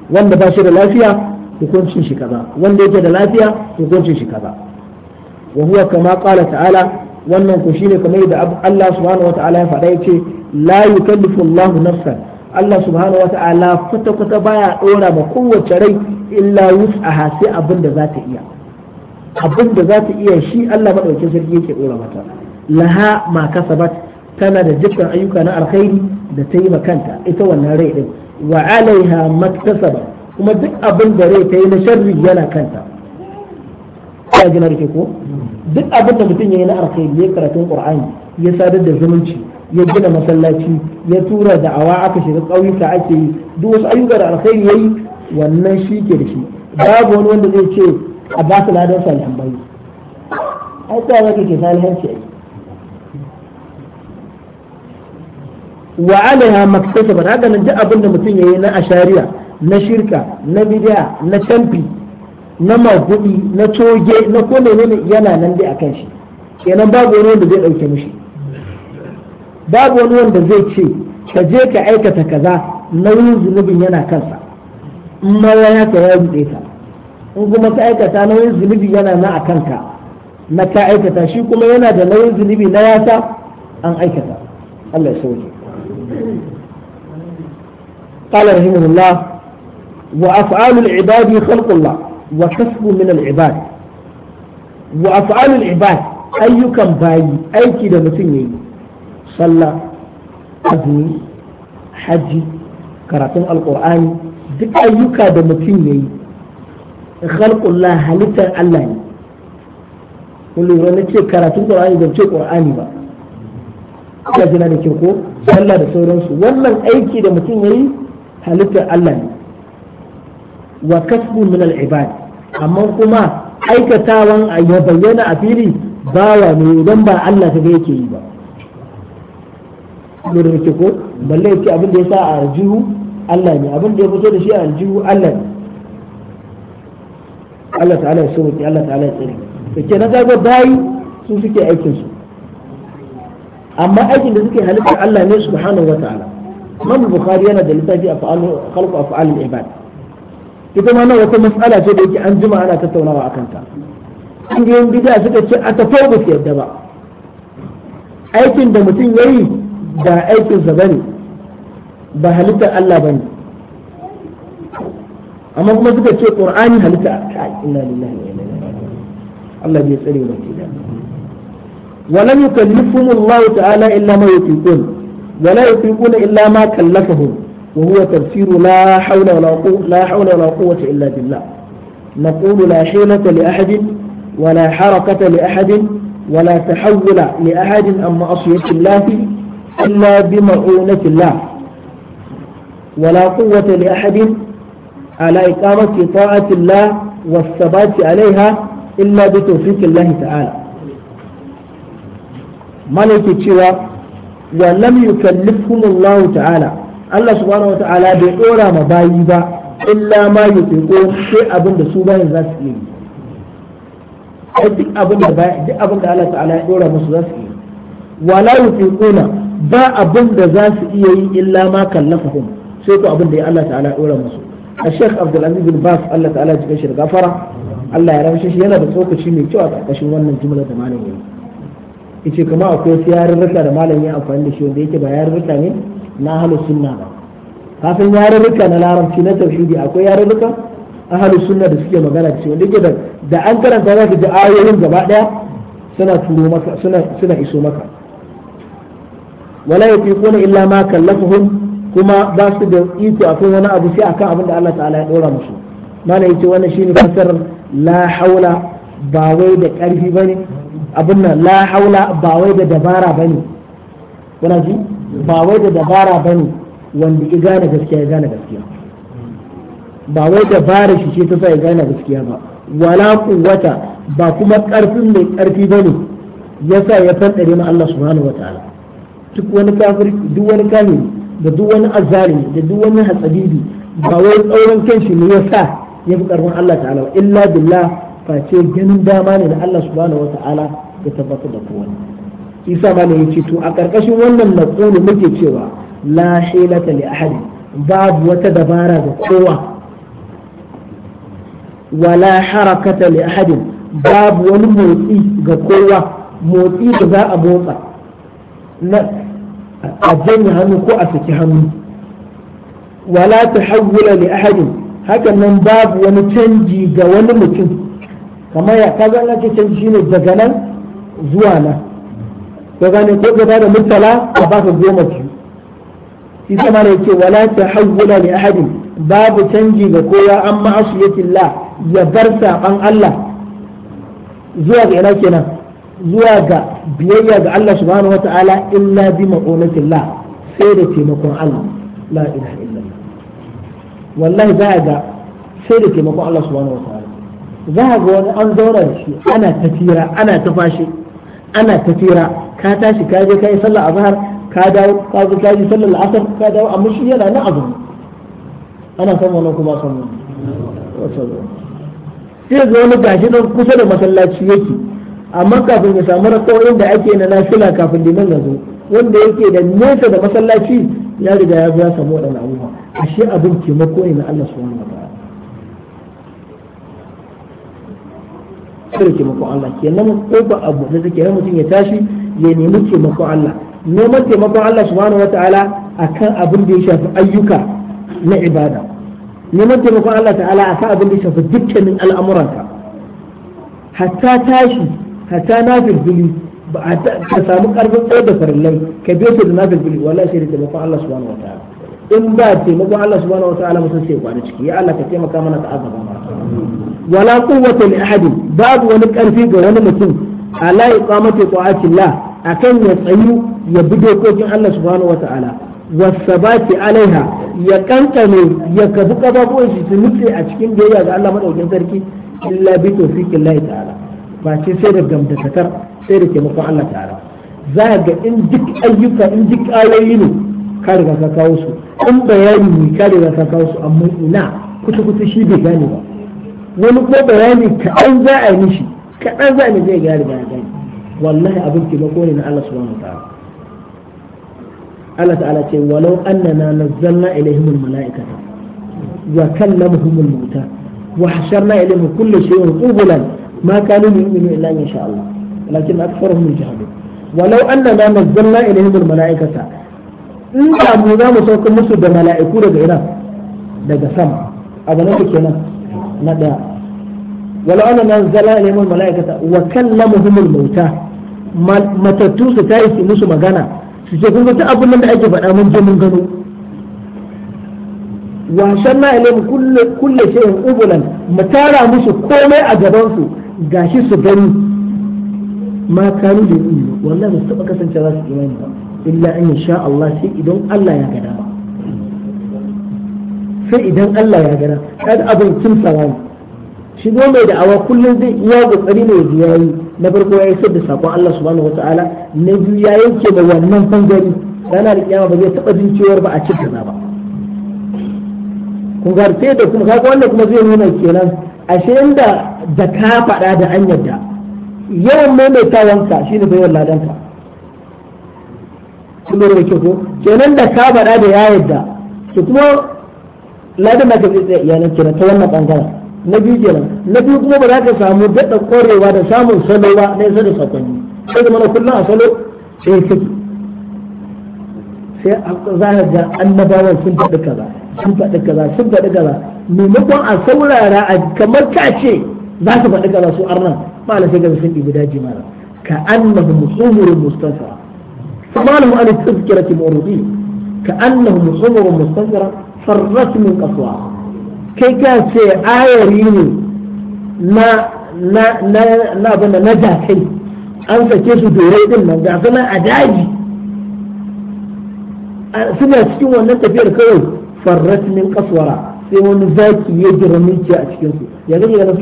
wanda ba shi da lafiya hukuncin shi kaza wanda yake da lafiya hukuncin shi kaza wa huwa kama qala ta'ala wannan ku shine kamar yadda Allah subhanahu wata'ala ya faɗa yace la yukallifu Allahu nafsan Allah subhanahu wata'ala kwata kwata baya ɗora ma kowace rai illa wus'aha sai abin da za ta iya abin da za ta iya shi Allah madaukakin sarki yake ɗora mata laha ma kasabat tana da dukkan ayyuka na alkhairi da ta yi makanta ita wannan rai din wa alaiha maktasaba kuma duk abin da rai ta yi na sharri yana kanta ya gina rike ko duk abin da mutum ya yi na alkhairi ya karatun qur'ani ya sadar da zumunci ya gina masallaci ya tura da awa aka shiga ƙauyuka ake yi duk wasu ayyuka da alkhairi yayi wannan shi ke da shi babu wani wanda zai ce a ba su ladan salihan bayi ai ta zaka ke salihanci ai wa alaiha maktasaban haka nan duk abin da mutum yayi na ashariya na shirka na bidiya na canfi na magudi na toge na kone ne yana nan dai akan shi kenan babu wani wanda zai dauke mishi babu wani wanda zai ce ka je ka aikata kaza nauyin zunubin yana kansa in ma ya ka ya buɗe ka in kuma ka aikata nauyin zunubi yana na a kanka na ka aikata shi kuma yana da nauyin zunubi na yasa an aikata Allah ya sauke قال رحمه الله وأفعال العباد خلق الله وكسب من العباد وأفعال العباد أيكم باي أي كده متنين صلى أزمي حجي karatun alkur'ani duk ayyuka da mutum ya yi khalqullah halittar Allah ne kun lura na ce karatun qur'ani da ce Al-ƙur'ani ba ka jira ko sallah da sauransu wannan aiki da mutum ya yi halittar Allah ne wa kasbu min al-ibad amma kuma aikatawan ya bayyana a fili bawa ne idan ba Allah ta yake yi ba lura da ko balle yake abin da ya sa a aljihu Allah ne abin da ya fito da shi a aljihu Allah ne Allah ta'ala ya so Allah ta'ala ya tsare to kenan ga bayi su suke aikin su amma aikin da suke halittar Allah ne subhanahu wa ta'ala Imam Bukhari yana da littafi a fa'alu khalqu af'alil ibad ita ma nan wata mas'ala ce da yake an jima ana tattaunawa akan ta kungiyoyin bid'a suka ce a tafi ba su yadda ba aikin da mutum yayi da aikin sa bane ba halittar Allah bane amma kuma suka ce Qur'ani halitta inna lillahi wa inna ilaihi Allah bai tsare mu ولم يكلفهم الله تعالى إلا ما يطيقون ولا يطيقون إلا ما كلفهم وهو تفسير لا حول ولا قوة لا حول ولا قوة إلا بالله نقول لا حيلة لأحد ولا حركة لأحد ولا تحول لأحد أم معصية الله إلا بمعونة الله ولا قوة لأحد على إقامة طاعة الله والثبات عليها إلا بتوفيق الله تعالى malaki cewa wa lam yukallifhumullahu ta'ala Allah subhanahu wa ta'ala bai dora ma bayi ba illa ma yutiqu sai abin da su bayan za su yi ai duk abin da duk abin da Allah ta'ala ya dora musu za su yi wa la yutiquna ba abin da za su iya yi illa ma kallafahum sai ko abin da ya Allah ta'ala ya dora musu الشيخ عبد العزيز بن باز الله تعالى ya جل شر gafara, Allah ya ramshe shi yana da tsokaci mai kyau a ƙarƙashin wannan jumla da malamin yace kuma akwai wasu yarurruka da malam ya amfani da shi wanda yake ba yarurruka ne na ahlus sunna ba kafin yarurruka na larabci na tauhidi akwai yarurruka ahlus sunna da suke magana da shi wanda yake da da an karanta za ka ji ayoyin gaba daya suna turo maka suna suna iso maka wala yatiquna illa ma kallafahum kuma ba su da iko akan wani abu sai akan abin da Allah ta'ala ya dora musu malam yace wannan shine fasar la haula ba wai da ƙarfi ba ne abin nan la haula ba wai da dabara ba ne kuna ji ba wai da dabara ba ne wanda ya gane gaskiya ya gane gaskiya ba wai dabara shi ce ta sa ya gane gaskiya ba wala quwwata ba kuma ƙarfin mai ƙarfi ba ne ya sa ya fadare ma Allah subhanahu wataala duk wani kafir duk wani kafir da duk wani azzalimi da duk wani hatsabibi ba wai tsauran kanshi ne ya sa ya fi ƙarfin Allah ta'ala illa billah face ganin dama ne da Allah subhanahu wata'ala ya tabbatar da kowa isa ma ne yace to a karkashin wannan kone muke cewa la hilata li ahadi babu wata dabara ga kowa wala harakata li ahadin babu wani motsi ga kowa motsi da za a motsa na a janye hannu ko a saki hannu wala tahawwula li ahadin hakan nan babu wani canji ga wani mutum kamar ya kaga an ce canji shine daga nan zuwa nan ka gane ko ka da mutala a baka goma biyu shi sama ne yake wala ta hawwala li ahadin babu canji ga kowa an ma'asiyatillah ya bar saban Allah zuwa ga ina kenan zuwa ga biyayya ga Allah subhanahu wata'ala illa bi ma'unatillah sai da taimakon Allah la ilaha illallah wallahi za ga sai da taimakon Allah subhanahu wata'ala za ga wani an zaura da shi ana tafira ana tafashi ana tafira ka tashi ka je kai yi azhar ka dawo ka zo ka yi sallar al'asar ka dawo amma shi yana na azumi ana son wannan kuma son wannan sai ga wani gashi nan kusa da masallaci yake amma kafin ya samu rakoyin da ake na nafila kafin liman ya zo wanda yake da nesa da masallaci ya riga ya biya samu waɗannan abubuwa ashe abin ke ne na Allah subhanahu wa ta'ala irin taimakon Allah ke nan kofa abu da take mutum ya tashi ya nemi taimakon Allah neman taimakon Allah subhanahu wataala akan abin da ya shafi ayyuka na ibada neman taimakon Allah ta'ala akan abin da ya shafi dukkanin al'amuranka hatta tashi hatta nafilfili ba ka samu karfin tsaye da farillai ka biyo su da na nafilfili wallahi sai da taimakon Allah subhanahu wataala in ba taimakon Allah subhanahu wataala mutum sai kwana ciki ya Allah ka taimaka mana ka azaba mana wala quwwata li babu wani karfi ga wani mutum ala iqamati a kan ya tsayu ya bi dokokin Allah subhanahu wata'ala wasabati alaiha ya kankane ya kafi kababuwan shi su nutse a cikin biyayya ga Allah madaukakin sarki illa bi tawfiqin Allah ta'ala ba ce sai da gamdakatar sai da taimakon Allah ta'ala za ga in duk ayyuka in duk ayoyi ne ka riga ka kawo su in bayani ne ka riga ka kawo su amma ina kuta kuta shi bai gane ba wani ko bayani kaɗan za a yi mishi kaɗan za a yi zai gari bayan gani wallahi abin taimako ne na Allah subhanahu ta'ala Allah ta'ala ce walau annana nazzalna ilaihim almalaikata wa kallamuhum almauta wa hasharna ilaihim kulli shay'in qubulan ma kanu yu'minu illa in sha Allah lakin aktharuhum yajhadun walau annana nazzalna ilaihim almalaikata in da mu za mu sauka musu da mala'iku daga iran daga sama abu na kenan na ɗaya walau ana nan zala ilaihi mala'ikata wa kallamuhumul mauta matattu su ta yi musu magana su ce kun ta abin da ake faɗa mun je mun gano washen na ilaihi kulle shayin ubulan mu tara musu komai a gabansu shi su gani ma kanu da yi wallahi ba su taɓa kasancewa su imani ba illa an sha Allah sai idan Allah ya gada sai idan Allah ya gana kaga abin kimsawa ne shi mai da'awa kullum zai iya kokari ne ya yayi na farko ya isar da sakon Allah subhanahu wataala na biyu ya yanke da wannan fangari rana da kiyama ba zai taba jin cewar ba a cikin ba kun garce da kuma kaga wannan kuma zai nuna kenan ashe inda da ka faɗa da an yadda yawan maimaitawanka shine bayan ladanka kuma da ke ko kenan da ka faɗa da ya yadda ki kuma ladan da kake tsaye iyalan kenan ta wannan bangaren na biyu nan na biyu kuma ba za ka samu daɗa ƙwarewa da samun salo ba na yasa da sakonni sai zama kullum a salo sai kake sai za ka ga annabawan sun faɗi kaza sun faɗi kaza sun faɗi kaza maimakon a saurara a kamar ka ce za su faɗi kaza su arnan ba sai ka sun ɗibi daji mara ka annabu umurul mustafa fa malahum an tazkirati mu'ridin كأنهم حمر مستنفرة فرت من قسوة كي كان سي آيريني ما لا لا لا بنا نجاكي أنت كيف دوري دين من أداجي suna cikin wannan tafiyar kawai farrat min kaswara sai wani zaki ya jira minci a cikin su ya gani yana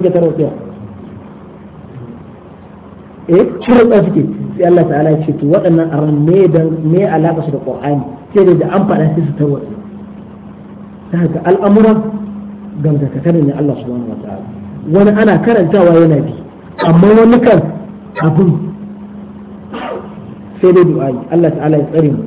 suke suke sai Allah ta'ala ya ce to waɗannan aran me dan me alaka su da Qur'ani sai da an faɗa sai su tarwatsa ta haka al'amuran gamzakatarin ne Allah subhanahu wa ta'ala wani ana karantawa yana bi amma wani kan abin sai dai du'a'i Allah ta'ala ya tsare mu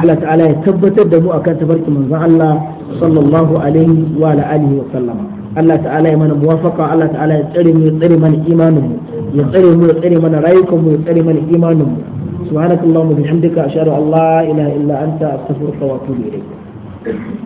Allah ta'ala ya tabbatar da mu akan tabarki manzon Allah sallallahu alaihi wa alihi wa sallama Allah ta'ala ya mana muwafaqa Allah ta'ala ya tsare mu ya tsare mana imanin mu يتقري مو يتقري رأيكم مو يتقري من سبحانك اللهم وبحمدك أشهد أن لا إله إلا أنت أستغفرك وأتوب إليك